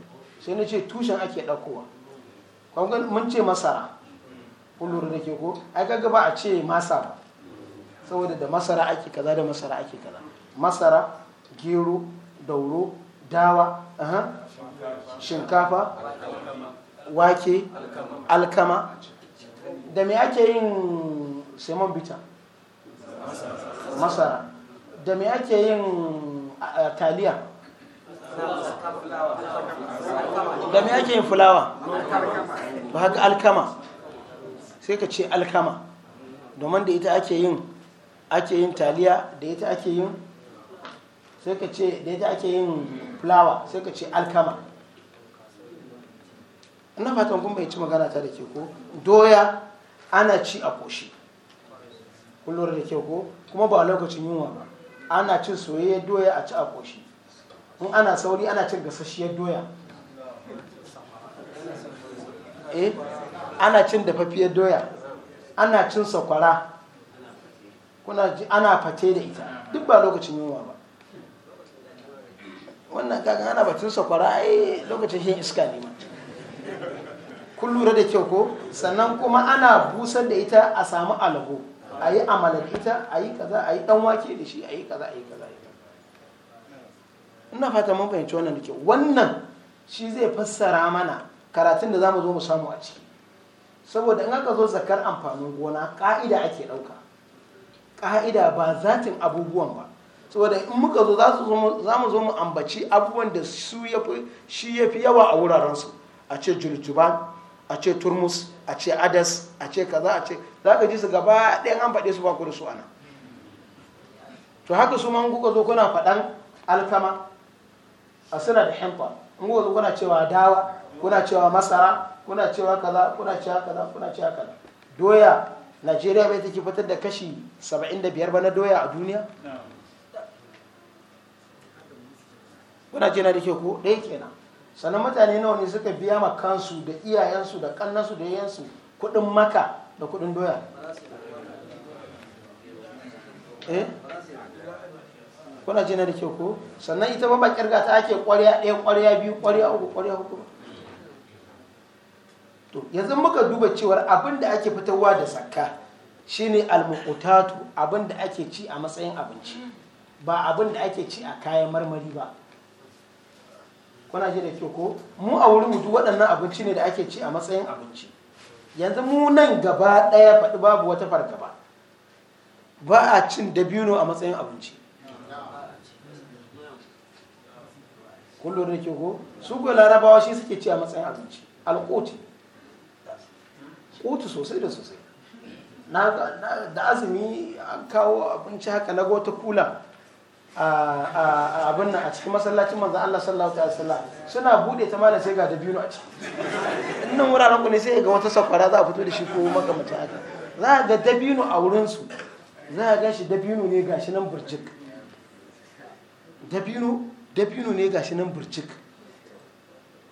sai na ce tushen ake ɗaukowa kwangon mun ce masara kullum da ke ko ai kaga ba a ce masa ba saboda da masara ake kaza da masara ake kaza masara gero dauro dawa shinkafa wake alkama da me ake yin bita masara da me ake yin taliya da me ake yin fulawa ba haka alkama sai ka ce alkama domin da ita ake yin ake yin taliya da ita ake yin sai ka ce da ita ake yin fulawa sai ka ce alkama ina fatan kun bai ci magana ta da ke ko doya ana ci a koshi kullum da ke ko kuma ba lokacin yunwa ba ana cin soyayya doya a ci a koshi in ana sauri ana cin gasasshiyar doya eh ana cin dafaffiyar doya ana cin sakwara kuna ana fate da ita duk ba lokacin yunwa ba wannan kakan ana batun sakwara ai lokacin shan iska ne ma kun lura da kyau ko sannan kuma ana busar da ita a samu alago a yi amala da ita a yi kaza a yi dan wake da shi a yi kaza a yi kaza ina fata mun fahimci wannan da wannan shi zai fassara mana karatun da zamu zo mu samu a ciki saboda in aka zo zakar amfanin gona ka'ida ake ɗauka ka'ida ba zatin abubuwan ba saboda in muka zo za mu zo mu ambaci abubuwan da su shi ya fi yawa a wuraren su a ce jurjuba a ce turmus a ce adas a ce kaza a ce za ka ji su gaba ɗayan an faɗe su ba ku da su ana to haka su man kuka zo kuna faɗan alkama a suna da himfa in gozu kuna cewa dawa kuna cewa masara kuna cewa kaza kuna cewa kaza kuna cewa kaza doya najeriya bai take fitar da kashi 75 ba na doya a duniya kuna jina da ke ko ɗaya kenan sannan mutane nawa ne suka biya ma kansu da iyayensu da kannansu da yayansu kuɗin maka da kuɗin doya eh kuna ji na da ke ko sannan ita ma ba kirga ta ake kwarya ɗaya kwarya biyu kwarya uku kwarya uku to yanzu muka duba cewar abin da ake fitarwa da saka shine almukutatu abin da ake ci a matsayin abinci ba abin da ake ci a kayan marmari ba kuna ji da ke ko mu a wurin mutu waɗannan abinci ne da ake ci a matsayin abinci yanzu mu nan gaba ɗaya faɗi babu wata fargaba ba a cin dabino a matsayin abinci kullum da ke ko su kuwa larabawa shi suke ci a matsayin abinci alkoti kotu sosai da sosai da azumi an kawo abinci haka na gota kula a abin nan a cikin masallacin manzan Allah sallallahu alaihi wasallam suna bude ta malam sai ga biyu a ciki innan wuraren ku ne sai ga wata sakwara za a fito da shi ko makamacin haka za a ga dabino a wurin su za a ga shi dabino ne gashi nan burjik dabino dabino ne ga shi nan burcik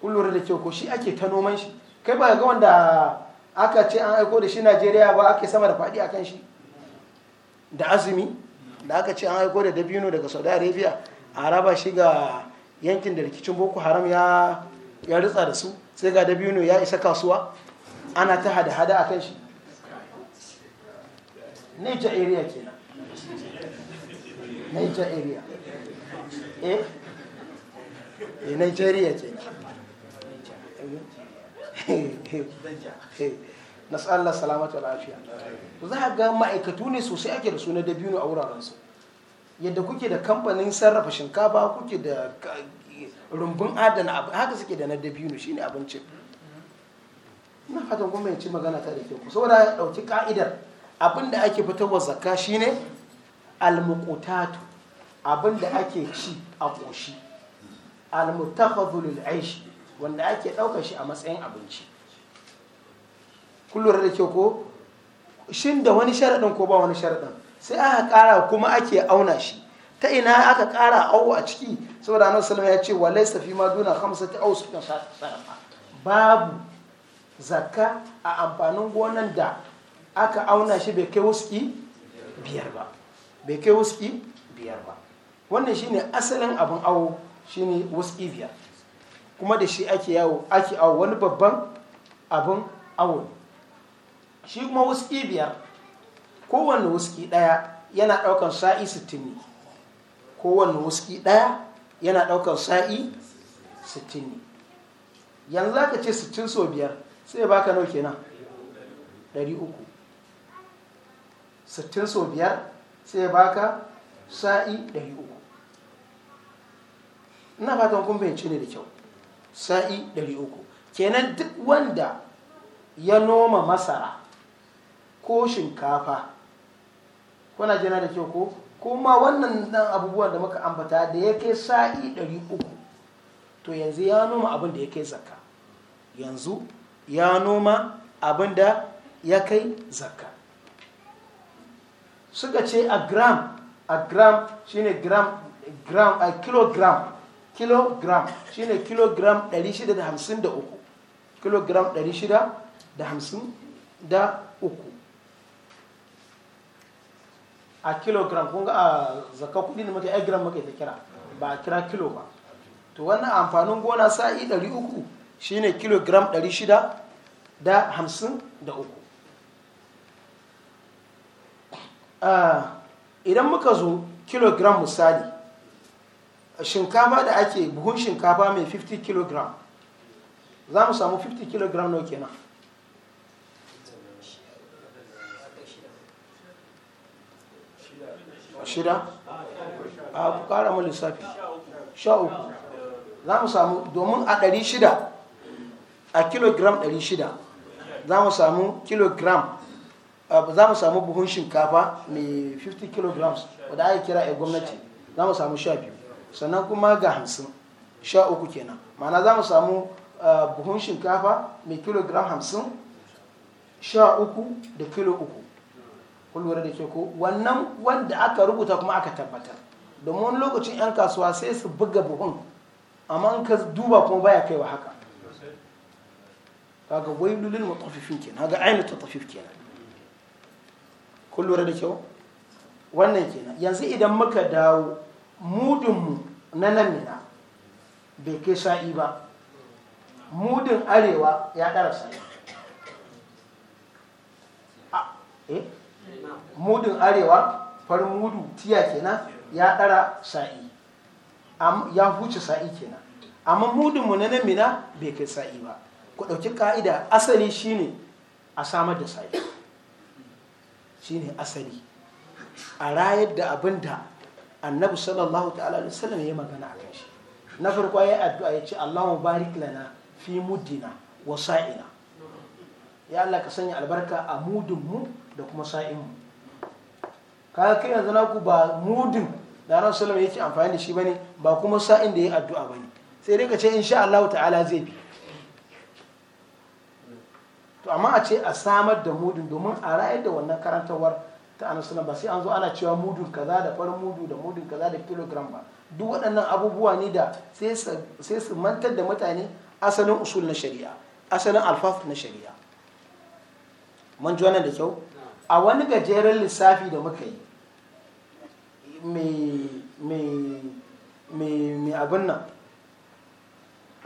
kullum da kyau ko shi ake ta noman shi kai ba ga wanda aka ce an aiko da shi najeriya ba ake sama da faɗi akan shi da azumi da aka ce an aiko da dabino daga saudi arabia a raba shi ga yankin da rikicin boko haram ya ya ritsa da su sai ga dabino ya isa kasuwa ana ta hada-hada a shi niger area kenan niger area eh e nigeria na tsallar salamatu wa lafiya za a ga ma'aikatu ne sosai ake da suna dabino a wurarensu yadda kuke da kamfanin sarrafa shinkafa kuke da rumbun adana abu haka suke da na shi ne abincin na fatan kuma yanci magana ta da kyau saboda ya ɗauki ka'idar abinda ake ake wa zakka shine ne abin da ake ci a ƙoshi al-mutakhadhu aish wanda ake ɗaukar shi a matsayin abinci kullum da ke ko shin da wani sharaɗin ko ba wani sharaɗin sai aka ƙara kuma ake auna shi ta ina aka ƙara awo a ciki saboda annabi salama ya ce walai fi ma duna khamsa ta aw sukan babu zakka a amfanin gonan da aka auna shi bai kai wuski biyar ba bai kai wuski biyar ba wannan shine asalin abin awo shine wasqibiya kuma da shi ake yawo ake awo wani babban abin awo shi kuma wuski biyar kowane wuski ɗaya yana ɗaukar sa'i ne kowane wuski ɗaya yana ɗaukar sa'i ne yanzu za ka ce sittin so biyar sai ba ka nauke na ɗari uku so biyar sai baka sa'i ɗari ina fatan kun bayance ne da kyau sa'i 300 kenan duk wanda ya noma masara ko shinkafa kuna jina da kyau ko kuma wannan dan abubuwan da muka ambata da ya kai sa'i 300 to yanzu ya noma abin da ya kai zakka yanzu ya noma abin da ya kai zakka suka ce a gram a gram shine gram gram a kilogram kilogram shine kilogram 653 kilogram 653 a kilogram kun ga a zaka kudi ne muke ai gram muke ta kira ba a kira kilo ba to wannan amfanin gona sa'i 300 shine kilogram 653 ah, idan muka zo kilogram misali shinkafa da ake buhun shinkafa mai 50 kg za mu samu 50 kg nau kenan shida a ku kara mu lissafi sha uku za mu samu domin a 600 shida a kilogram 600 shida za mu samu kilogram za mu samu buhun shinkafa mai 50 kg wadda ake kira a gwamnati za mu samu sha biyu sannan kuma ga hamsin sha uku kenan ma'ana za mu samu ah, buhun shinkafa mai kilogram hamsin sha uku da kilo uku kulwara da ke ko wannan wanda aka rubuta kuma aka tabbatar domin wani lokacin 'yan kasuwa sai su buga buhun amma ka duba kuma baya wa haka kaga matafifin ke na ga ainihin ke kenan kulwara da kyau wannan kenan yanzu idan muka dawo mudinmu na nan na bai kai sa'i ba mudin arewa ya ɗara sa'i eh? mudin arewa farin mudu tiya kenan ya ɗara sa'i ya huce sa'i kenan amma mudinmu na nan mina bai kai sa'i ba ku ɗauki ka'ida asali shine a samar da sa'i shine asali a rayar da abin da annabi sallallahu ta'ala alaihi wasallam ya magana a kan shi na farko ya addu'a ya ce allahu barik lana fi mudina wa sa'ina ya Allah ka sanya albarka a mudun mu da kuma sa'in mu kaga kai yanzu ku ba mudin da ran sallam ya ce amfani da shi bane ba kuma sa'in da ya addu'a bane sai dai ka ce insha allahu ta'ala zai bi to amma a ce a samar da mudin domin a rayar da wannan karantarwar ta suna ba sai an zo ana cewa mudu kaza da farin mudu da mudun kaza da kilogram ba duk waɗannan abubuwa ne da sai su mantar da mutane asalin usul na shari'a asalin alfaf na shari'a man ji wannan da kyau a wani gajeren lissafi da muka yi mai abin nan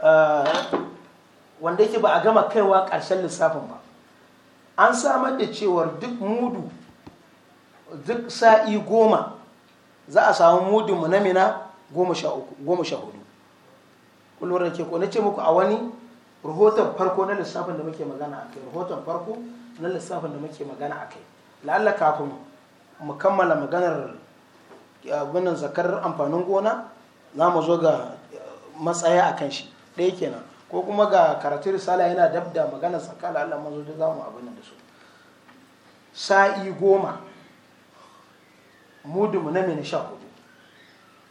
eh, wanda yake ba a gama kaiwa ƙarshen lissafin ba an samar da cewar duk mudu duk sa'i goma za a samu mudinmu na mina goma sha hudu kullum da ke ko na ce muku a wani rahoton farko na lissafin da muke magana a kai rahoton farko na lissafin da muke magana a kai la'alla kafin mu kammala maganar abinan zakar amfanin gona za mu zo ga matsaya a kan shi ɗaya kenan ko kuma ga karatun risala yana dab da maganar zakar la'alla mazo da za mu abinan da su sa'i goma mudu na mina sha hudu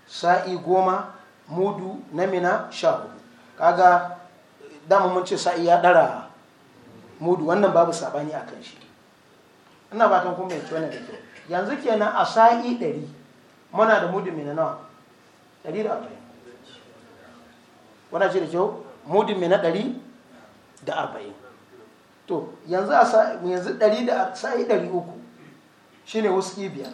sa'i goma mudu na mina sha hudu kaga dama mun ce sa'i ya dara mudu wannan babu sabani a kan shi ina fatan kun mai wannan da kyau yanzu kenan a sa'i ɗari muna da mudu mina nawa ɗari da arba'in wadda ce da kyau mudu mina ɗari da arba'in to yanzu a sa'i ɗari da sa'i ɗari uku shine wasu biyar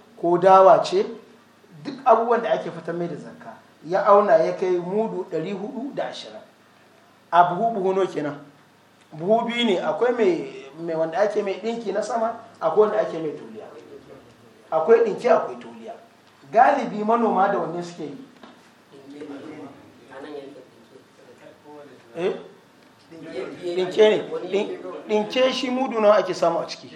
ko dawa ce duk abubuwan da ake fitar mai da zakka ya auna ya kai mudu 420 a buhu buhu no kenan buhu biyu ne akwai mai wanda ake mai dinki na sama akwai wanda ake mai tuliya akwai dinki akwai tuliya galibi manoma da wanne suke yi dinke eh? ne ɗinke shi mudu nawa ake samu a ciki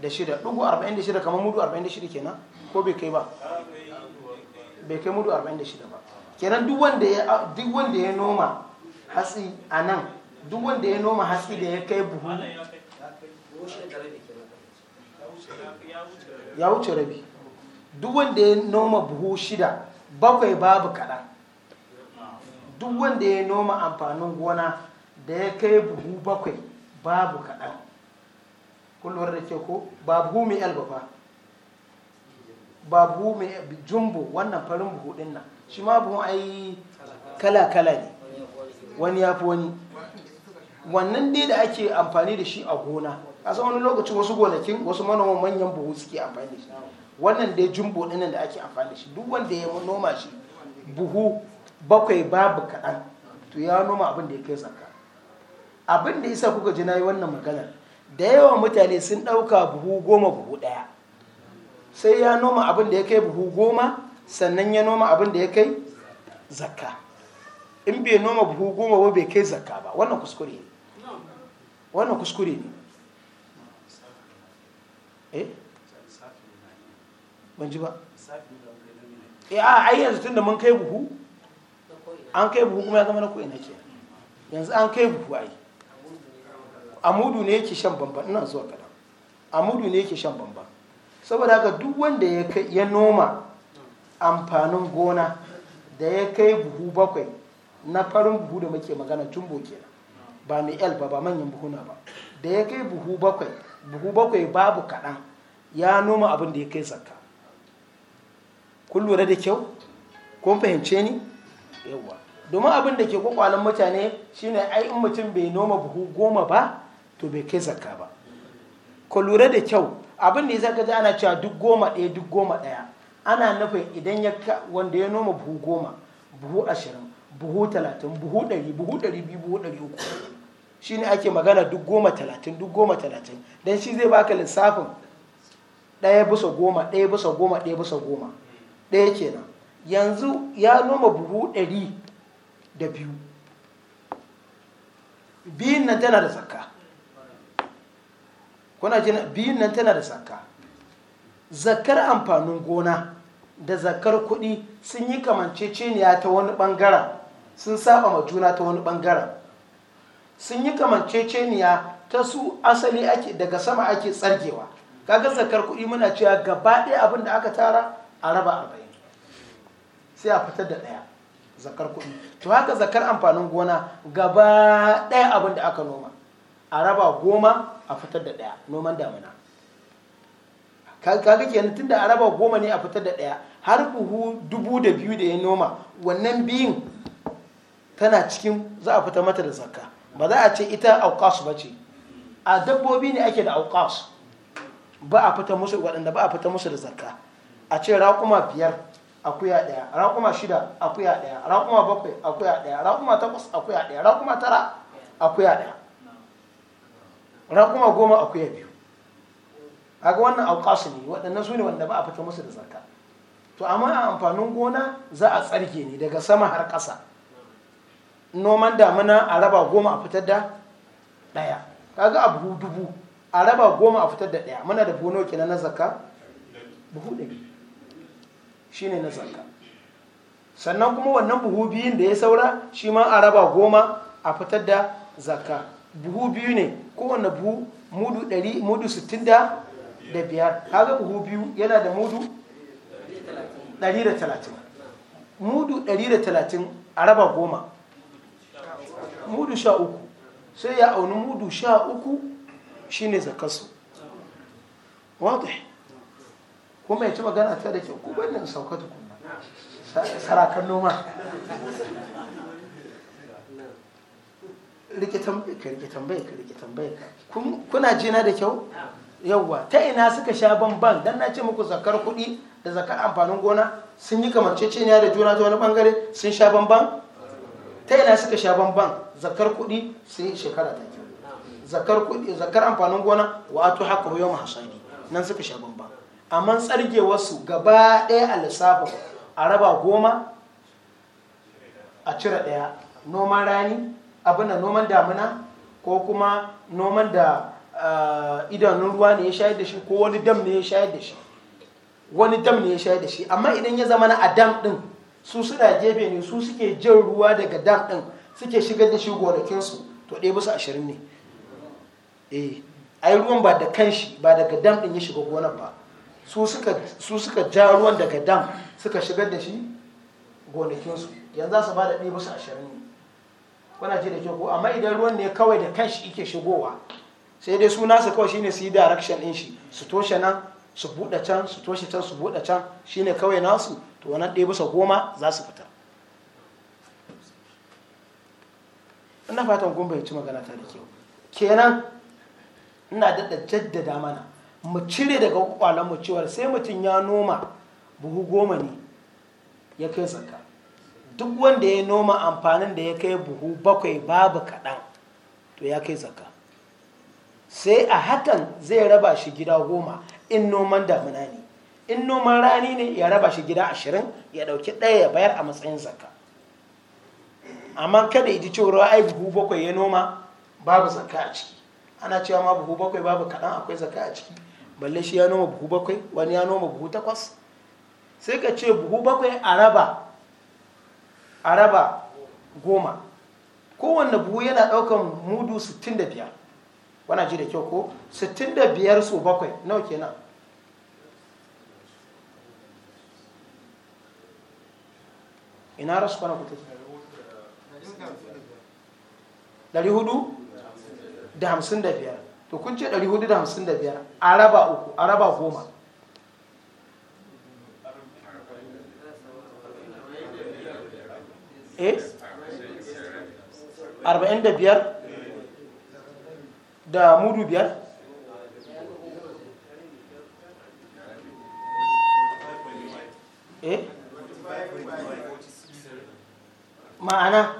da shida ɗugu arba'in da shida kamar mudu arba'in da shida kenan ko bai kai ba bai kai mudu arba'in da shida ba kenan duk wanda ya duk wanda ya noma hatsi a nan duk wanda ya noma hatsi da ya kai buhu ya wuce rabi duk wanda ya noma buhu shida bakwai babu kaɗan duk wanda ya noma amfanin gona da ya kai buhu bakwai babu kaɗan kullu da ke ko babu mai albafa babu mai jumbo wannan farin buhu din nan shi ma buhun ai kala kala ne wani ya fi wani wannan dai da ake amfani da shi a gona a tsawon wani lokacin wasu gonakin wasu manoman manyan buhu suke amfani da shi wannan dai jumbo din da ake amfani da shi duk wanda ya noma shi buhu bakwai babu kaɗan to ya noma abin da ya kai tsaka abin da isa kuka ji na yi wannan maganar da yawan mutane sun ɗauka buhu goma buhu ɗaya sai ya noma abin da ya kai buhu goma sannan ya noma abin da ya kai zakka in bai noma buhu goma ba bai kai zakka ba wannan kuskure ne wannan kuskure ne eh ban ji ba eh a ai yanzu da mun kai buhu an kai buhu kuma ya zama na ko ina ke yanzu an kai buhu ai amudu ne yake shan bamban ina zuwa kaɗan amudu ne yake shan bamban saboda haka duk wanda ya noma amfanin gona da ya kai buhu bakwai na farin buhu da muke magana tun kenan ba mai el ba ba manyan buhuna ba da ya kai buhu bakwai buhu bakwai babu kaɗan ya noma abin da ya kai zakka kun lura da kyau kun fahimce ni yawa domin abin da ke kwakwalen mutane shine ai in mutum bai noma buhu goma ba to bai kai zakka ba ko lura da kyau abin da ya zaka ji ana cewa duk goma ɗaya duk goma ɗaya ana nufin idan ya ka wanda ya noma buhu goma buhu ashirin buhu talatin buhu ɗari buhu ɗari biyu buhu ɗari uku shi ake magana duk goma talatin duk goma talatin don shi zai baka lissafin ɗaya bisa goma ɗaya bisa goma ɗaya bisa goma ɗaya kenan yanzu ya noma buhu ɗari da biyu biyun nan tana da zakka kuna jina biyun nan tana da zakka zakar amfanin gona da zakar kuɗi sun yi kamanceceniya ta wani ɓangaren sun saba ma juna ta wani ɓangaren sun yi kamanceceniya ta su asali ake daga sama ake tsargewa kaga zakar kuɗi muna cewa gaba ɗaya abin da aka tara a raba arba'in sai a fitar da ɗaya zakar kuɗi to haka zakar amfanin gona gaba ɗaya abin da aka noma a raba goma a fitar da ɗaya noman damina kaga kenan da a raba goma ne a fitar da ɗaya har buhu dubu da biyu da ya noma wannan biyun tana cikin za a fita mata da zakka ba za a ce ita aukasu ba ce a dabbobi ne ake da aukasu ba a fita musu waɗanda ba a fita musu da zakka a ce raƙuma biyar akuya ɗaya raƙuma shida akuya ɗaya raƙuma bakwai akuya ɗaya raƙuma takwas akuya ɗaya raƙuma tara akuya ɗaya raƙuma goma akuya biyu a ga wannan auƙasu ne waɗannan su ne wanda ba a fito musu da zarka to amma a amfanin gona za a tsarge ne daga sama har ƙasa noman damuna a raba goma a fitar da ɗaya kaga a buhu dubu a raba goma a fitar da ɗaya muna da buhu nauki na zarka buhu ɗari shi ne na zarka sannan kuma wannan buhu biyun da ya saura shi ma a raba goma a fitar da zakka buhu biyu ne kowane buhu mudu 100 mudu 65 kaga buhu biyu yana da mudu 130 mudu 130 a raba goma mudu 13 sai ya auni mudu 13 uku shine zakasu wata kuma ya ci magana ta da kyau ku bannin saukatu kuma sarakan noma rike tambayar ka rike tambayar ka rike tambayar ka kuna jina da kyau yawwa ta ina suka sha bamban dan na ce muku zakar kuɗi da zakar amfanin gona sun yi kamanceceniya da juna ta wani bangare sun sha bamban ta ina suka sha bamban zakar kuɗi yi shekara ta kyau zakar kuɗi zakar amfanin gona wa atu haka yau hasani nan suka sha bamban amma tsarge wasu gaba ɗaya a lissafin a raba goma a cire ɗaya noman rani abin noman damina ko kuma noman da eh, idanun ruwa ne ya shayar da shi ko wani dam ne ya shayar da shi wani dam ne ya shayar da shi amma idan ya zama na a dam din su suna gefe ne su suke jin ruwa daga dam din suke shigar da shi gonakinsu to ɗaya bisa ashirin ne eh ai ruwan ba da kanshi ba daga dam din ya shiga gonar ba su suka ja ruwan daga dam suka shigar da shi gonakinsu yanzu za su ba da ɗaya bisa ashirin ne kuna ji da ke ko amma idan ruwan ne kawai da kanshi yake shigowa sai dai suna su kawai shine su yi direction din shi su toshe nan su buɗe can su toshe can su buɗe can shine kawai nasu to wannan ɗaya bisa goma za su fita ina fatan kun ci magana ta da kyau kenan ina daɗa jaddada mana mu cire daga kwakwalen mu cewar sai mutum ya noma buhu goma ne ya kai zakka duk wanda ya noma amfanin da ya kai buhu bakwai babu kaɗan to ya kai zaka sai a hakan zai raba shi gida goma in noman damina ne in noman rani ne ya raba shi gida ashirin ya ɗauki ɗaya ya bayar a matsayin zaka amma kada ya ji cewa ai buhu bakwai ya noma babu zaka a ciki ana cewa ma buhu bakwai babu kaɗan akwai zaka a ciki balle shi ya noma buhu bakwai wani ya noma buhu takwas sai ka ce buhu bakwai a raba a raba goma kowanne buhu yana daukan mudu 65 wana ji da kyau ko 65 so bakwai nawa kenan ina rasu kwana kuta ɗari hudu da hamsin da biyar to kun ce ɗari hudu da hamsin da biyar a raba uku a raba goma eh 45 da mudu biyar eh ma'ana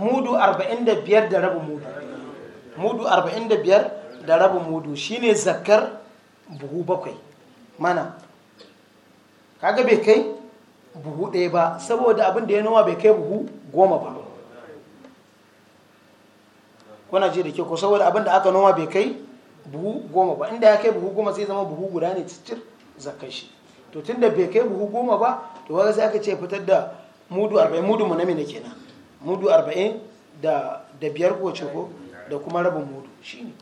mudu 45 da rabin mudu mudu 45 da rabin mudu shine zakar buhu bakwai mana kaga bai kai buhu ɗaya ba saboda abinda ya noma bai kai buhu goma ba kuna ji da ke ko saboda abin da aka noma bai kai buhu goma ba inda ya kai buhu goma sai zama buhu guda ne cicir zakar shi to da bai kai buhu goma ba to kaga sai aka ce fitar da mudu 40 mudu mu na mene kenan mudu 40 da da biyar ko ce ko da kuma rabin mudu shine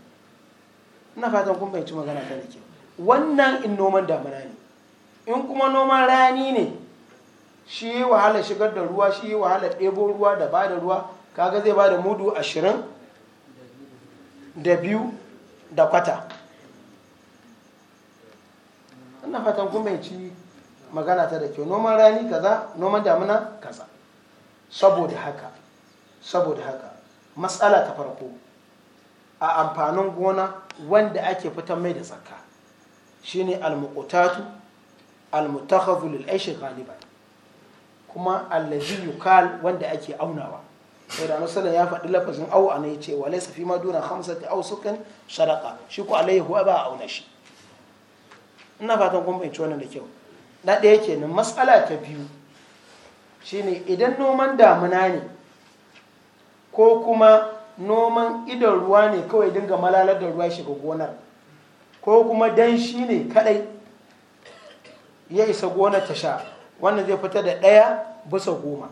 ina fatan kun bayyace magana ta nake wannan in noman damana ne in kuma noman rani ne shi yi wahala shigar da ruwa shi yi wahala ɗebo ruwa da ba da ruwa kaga zai ba da mudu ashirin da biyu da kwata ina fatan kuma ya ci magana ta da kyau noman rani kaza noman damina kaza saboda haka saboda haka matsala ta farko a amfanin gona wanda ake fitan mai da tsaka shine almuqtatu almutakhadhu lil aishi ghaliban kuma allazi yukal wanda ake aunawa sai da sallallahu ya faɗi lafazin au na yi cewa, laysa Safi ma duna khamsati au sukan sharaka shi ko alaihi huwa ba auna shi ina fatan kun fahimci wannan da kyau na ɗaya kenan matsala ta biyu shine idan noman damuna ne ko kuma noman idan ruwa ne kawai dinga malalar da ruwa shiga gonar ko kuma danshi ne kadai ya isa gonar ta sha wannan zai fita da ɗaya bisa goma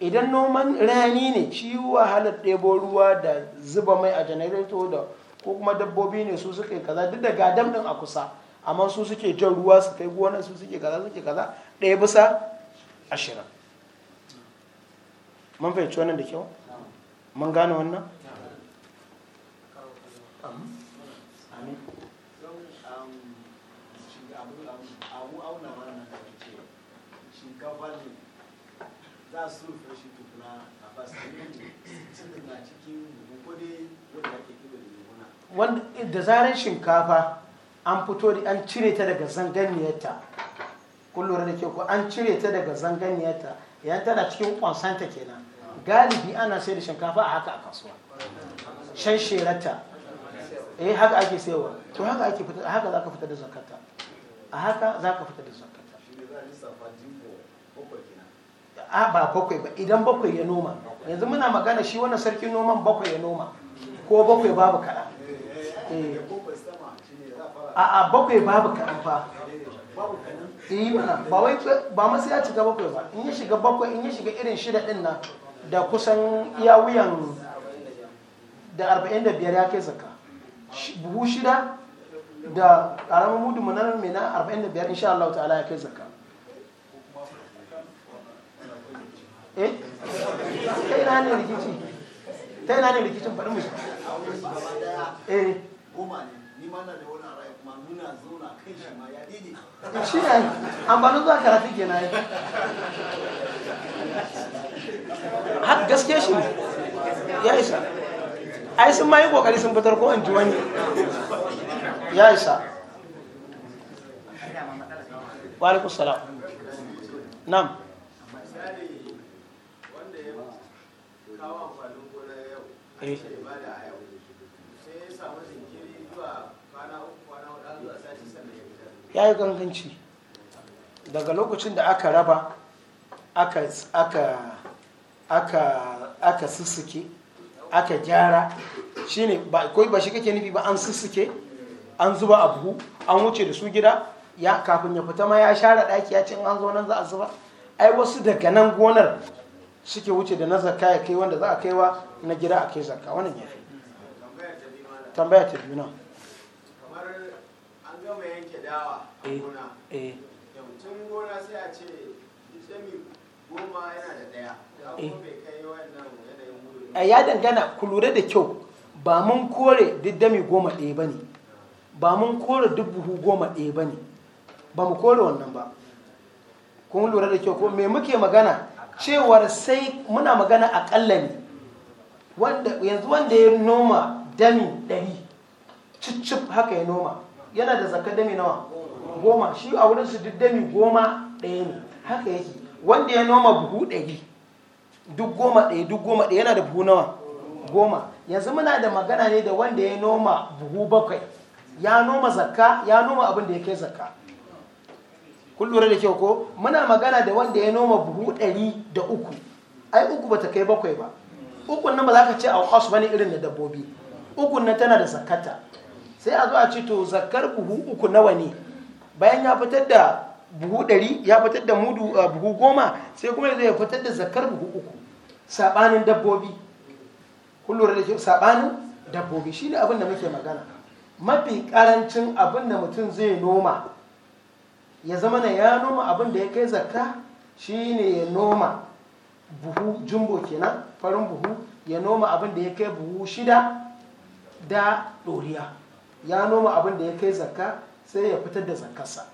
idan noman rani ne shi wahalar ɗebo ruwa da zuba mai a janareto da ko kuma dabbobi ne su suke kaza duk da gadam ɗin a kusa amma su suke jan ruwa su kai gonar su suke kaza suke kaza ɗaya bisa ashirin mun fahimci wannan da kyau mun gane wannan za su rufe shi tukuna a na cikin ake da yamuna wanda da zarar shinkafa an fito da an cire ta daga zanganiyarta kun lura da ke ku an cire ta daga zanganiyarta yan tana cikin kwansanta kenan galibi ana sai da shinkafa a haka a kasuwa shan sherata eh haka ake saiwa to haka ake fita haka zaka fita da zakata a haka zaka fita da zakata a ba bakwai ba idan bakwai ya noma yanzu muna magana shi wannan sarkin noman bakwai ya noma ko bakwai babu kaɗan eh. a a bakwai babu kaɗan fa yi eh mana ba wai ba masu ya shiga bakwai ba in ya shiga bakwai in ya shiga irin shida ɗin nan da kusan iya wuyan da arba'in da biyar ya kai zaka buhu shida da ƙaramin mudu manar mai na arba'in da biyar insha Allah ta'ala ya kai zaka eh ta ina ne rikici ta ina ne rikicin faɗin mishi eh goma ne ni ma na da wani kuma nuna zauna kai shi ma ya dide shi ne amfanin zuwa karatu kenan har gaske shi ya isa ai sun ma yi kokari sun fitar ko in ji wani ya isa wa alaikum salam nam kawo gona yau eh. a yau sai ya samu jinkiri zuwa kwana uku kwana hudu zuwa sannan ya ya yi ganganci daga lokacin da aka raba aka aka aka aka sussuke aka gyara shine ba koi ba shi kake nufi ba an sussuke an zuba a buhu an wuce da su gida ya kafin ya fita ma ya share daki ya ce an zo nan za a zuba ai wasu daga nan gonar suke wuce da na zakka ya kai wanda za a kaiwa na gida a kai zakka wannan ya fi tambaya ta biyu na kamar an gama yanke dawa a eh, gona yawancin eh. gona sai a ce jami goma yana da daya da eh. kuma bai kai wannan yanayin gudu ya dangana ku lura da kyau ba mun kore duk dami goma ɗaya ba ne ba mun kore duk buhu goma ɗaya ba ne ba mu kore wannan ba kun lura da kyau ko me muke magana cewar sai muna magana ƙalla ne yanzu wanda ya noma dami ɗari cicif haka ya noma yana da zakar dami nawa goma shi a wurin su duk dami goma ɗaya ne haka yake wanda ya noma buhu ɗari duk goma ɗaya duk goma ɗaya yana da buhu nawa goma yanzu muna da magana ne da wanda ya noma buhu bakwai ya noma zakka ya noma abin da ya kai zakka kun lura da kyau ko muna magana da wanda ya noma buhu ɗari da uku ai uku ta kai bakwai ba uku nan ba za ka ce aukas wani irin na dabbobi uku nan tana da zakata sai a zo a ce to zakar buhu uku nawa ne bayan ya fitar da buhu ɗari ya fitar da mudu eh, buhu goma sai kuma ya zo ya fitar da zakar buhu uku saɓanin dabbobi kun lura da kyau saɓanin dabbobi shine abin da muke magana mafi ƙarancin abin da mutum zai noma ya zama na ya noma abin da ya kai zakka shine ya noma buhu jumbo kenan farin buhu ya noma abin da ya kai buhu shida da ɗoriya ya noma abin da ya kai zakka sai ya fitar da zakkarsa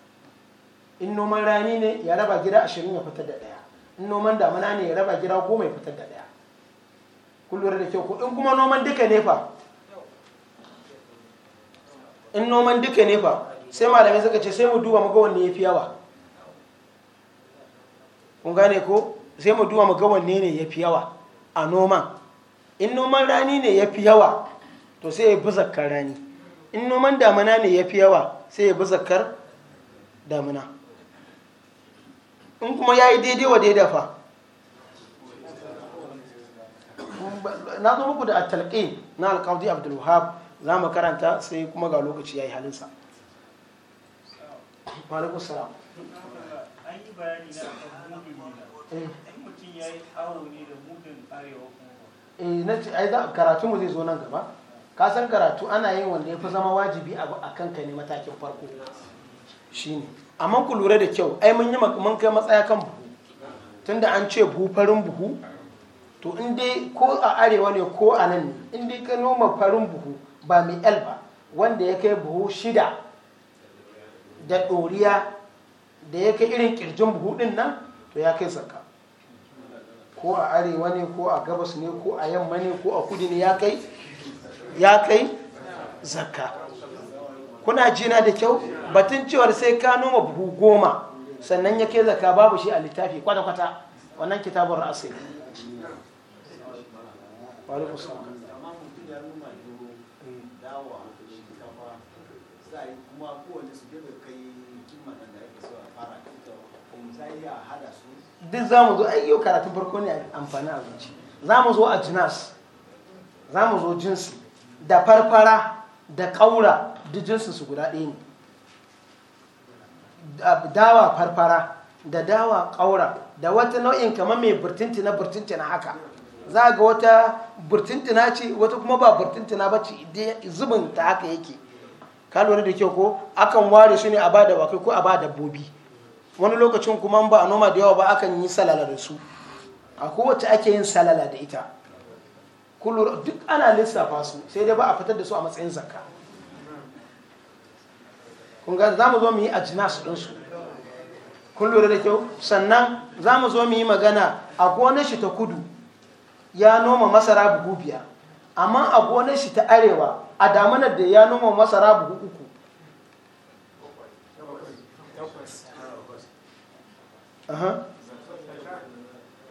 in noman rani ne ya raba gida ashirin ya fitar da ɗaya in noman damuna ne ya raba gida goma ya fitar da ɗaya kullum da kyau in kuma noman duka ne fa in noman duka ne fa sai malamai suka ce sai mu duba muga wanne ya fi yawa kun gane ko sai mu duba muga wanne ne ya fi yawa a noman in noman rani ne ya fi yawa to sai ya bi zakkar rani in noman damina ne ya fi yawa sai ya bi zakkar damina in kuma ya yi daidai wa daidai fa na zo muku da atalƙi na alƙawdi abdulwahab za mu karanta sai kuma ga lokaci ya yi halinsa Walaikun salam. Eh, eh, an karatu mu zai zo nan gaba. Ka karatu ana yin wanda ya fi zama wajibi a ka ne matakin farko. Shine. Amma ku lura da kyau, ai mun yi mun kai matsaya kan buhu. Tunda an ce buhu farin buhu, to in ko a arewa ne ko a nan ne, in dai ka noma farin buhu ba mai el ba, wanda ya kai buhu shida da ɗoriya da ya irin ƙirjin buhu ɗin nan to ya kai zakka ko a arewa ne ko a gabas ne ko a yamma ne ko a kudu ne ya kai ya kai zakka kuna jina da kyau batun cewar sai ka noma buhu goma sannan ya kai zaka babu shi a littafi kwata-kwata wannan kitabar asiri hmm. kuma duk za mu zo a yau karatun farko ne amfani abinci za mu zo a jinas za mu zo jinsi da farfara da ƙaura duk jinsin su guda ɗaya ne dawa farfara da dawa ƙaura da wata nau'in kamar mai burtintina burtintina haka za ga wata burtintina ce wata kuma ba burtintina ba ce zubin ta haka yake ka lura da kyau ko akan ware su ne a ba da wakai ko a ba dabbobi wani lokacin kuma ba a noma da yawa ba akan yi salala da su a kowace ake yin salala da ita duk ana lissafa su sai dai ba a fitar da su a matsayin zakka kun ga za mu zo mu yi don su kun lura da kyau sannan za mu zo mu yi magana a gonar shi ta kudu ya noma masara buhu biya amma a gonar shi ta arewa a damanar da ya noma masara buhu uku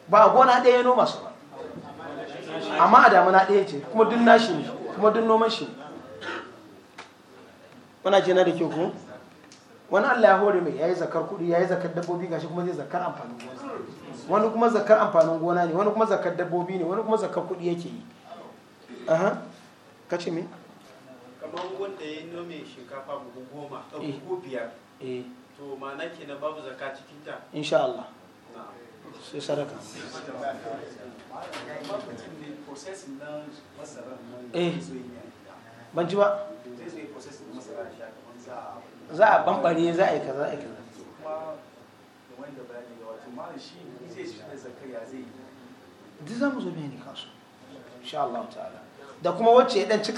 ba a gona ɗaya ya noma su ba amma a damuna ɗaya ce kuma duk nashi ne kuma duk noman shi wana ce na da kyau ku wani allah ya hore mai ya yi zakar kuɗi ya yi zakar dabbobi gashi kuma zai zakar amfanin gona wani kuma zakar amfanin gona ne wani kuma zakar dabbobi ne wani kuma zakar kuɗi yake yi aha ka ce me kamar wanda ya nome shinkafa buhu goma ko eh. biyar eh. to ma'ana babu cikin ta insha Allah sai sadaka eh, ban ji ba za a za a yi a yi duk za mu zo insha Allah ta'ala da kuma wacce ya dan ci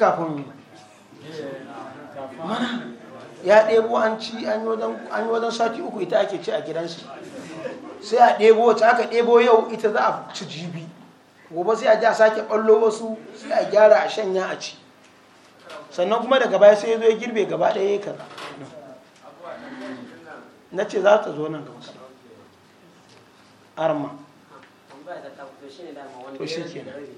mana ya ɗebo an ci an yi wajen sati uku ita ake ci a gidansu sai a ɗebo wacce aka ɗebo yau ita za a ci jibi gobe sai a ji a sake ɓallo wasu sai a gyara a shanya a ci sannan kuma daga baya sai ya zo ya girbe gaba ɗaya ya kaza na ce za ta zo nan wasu arma to shi kenan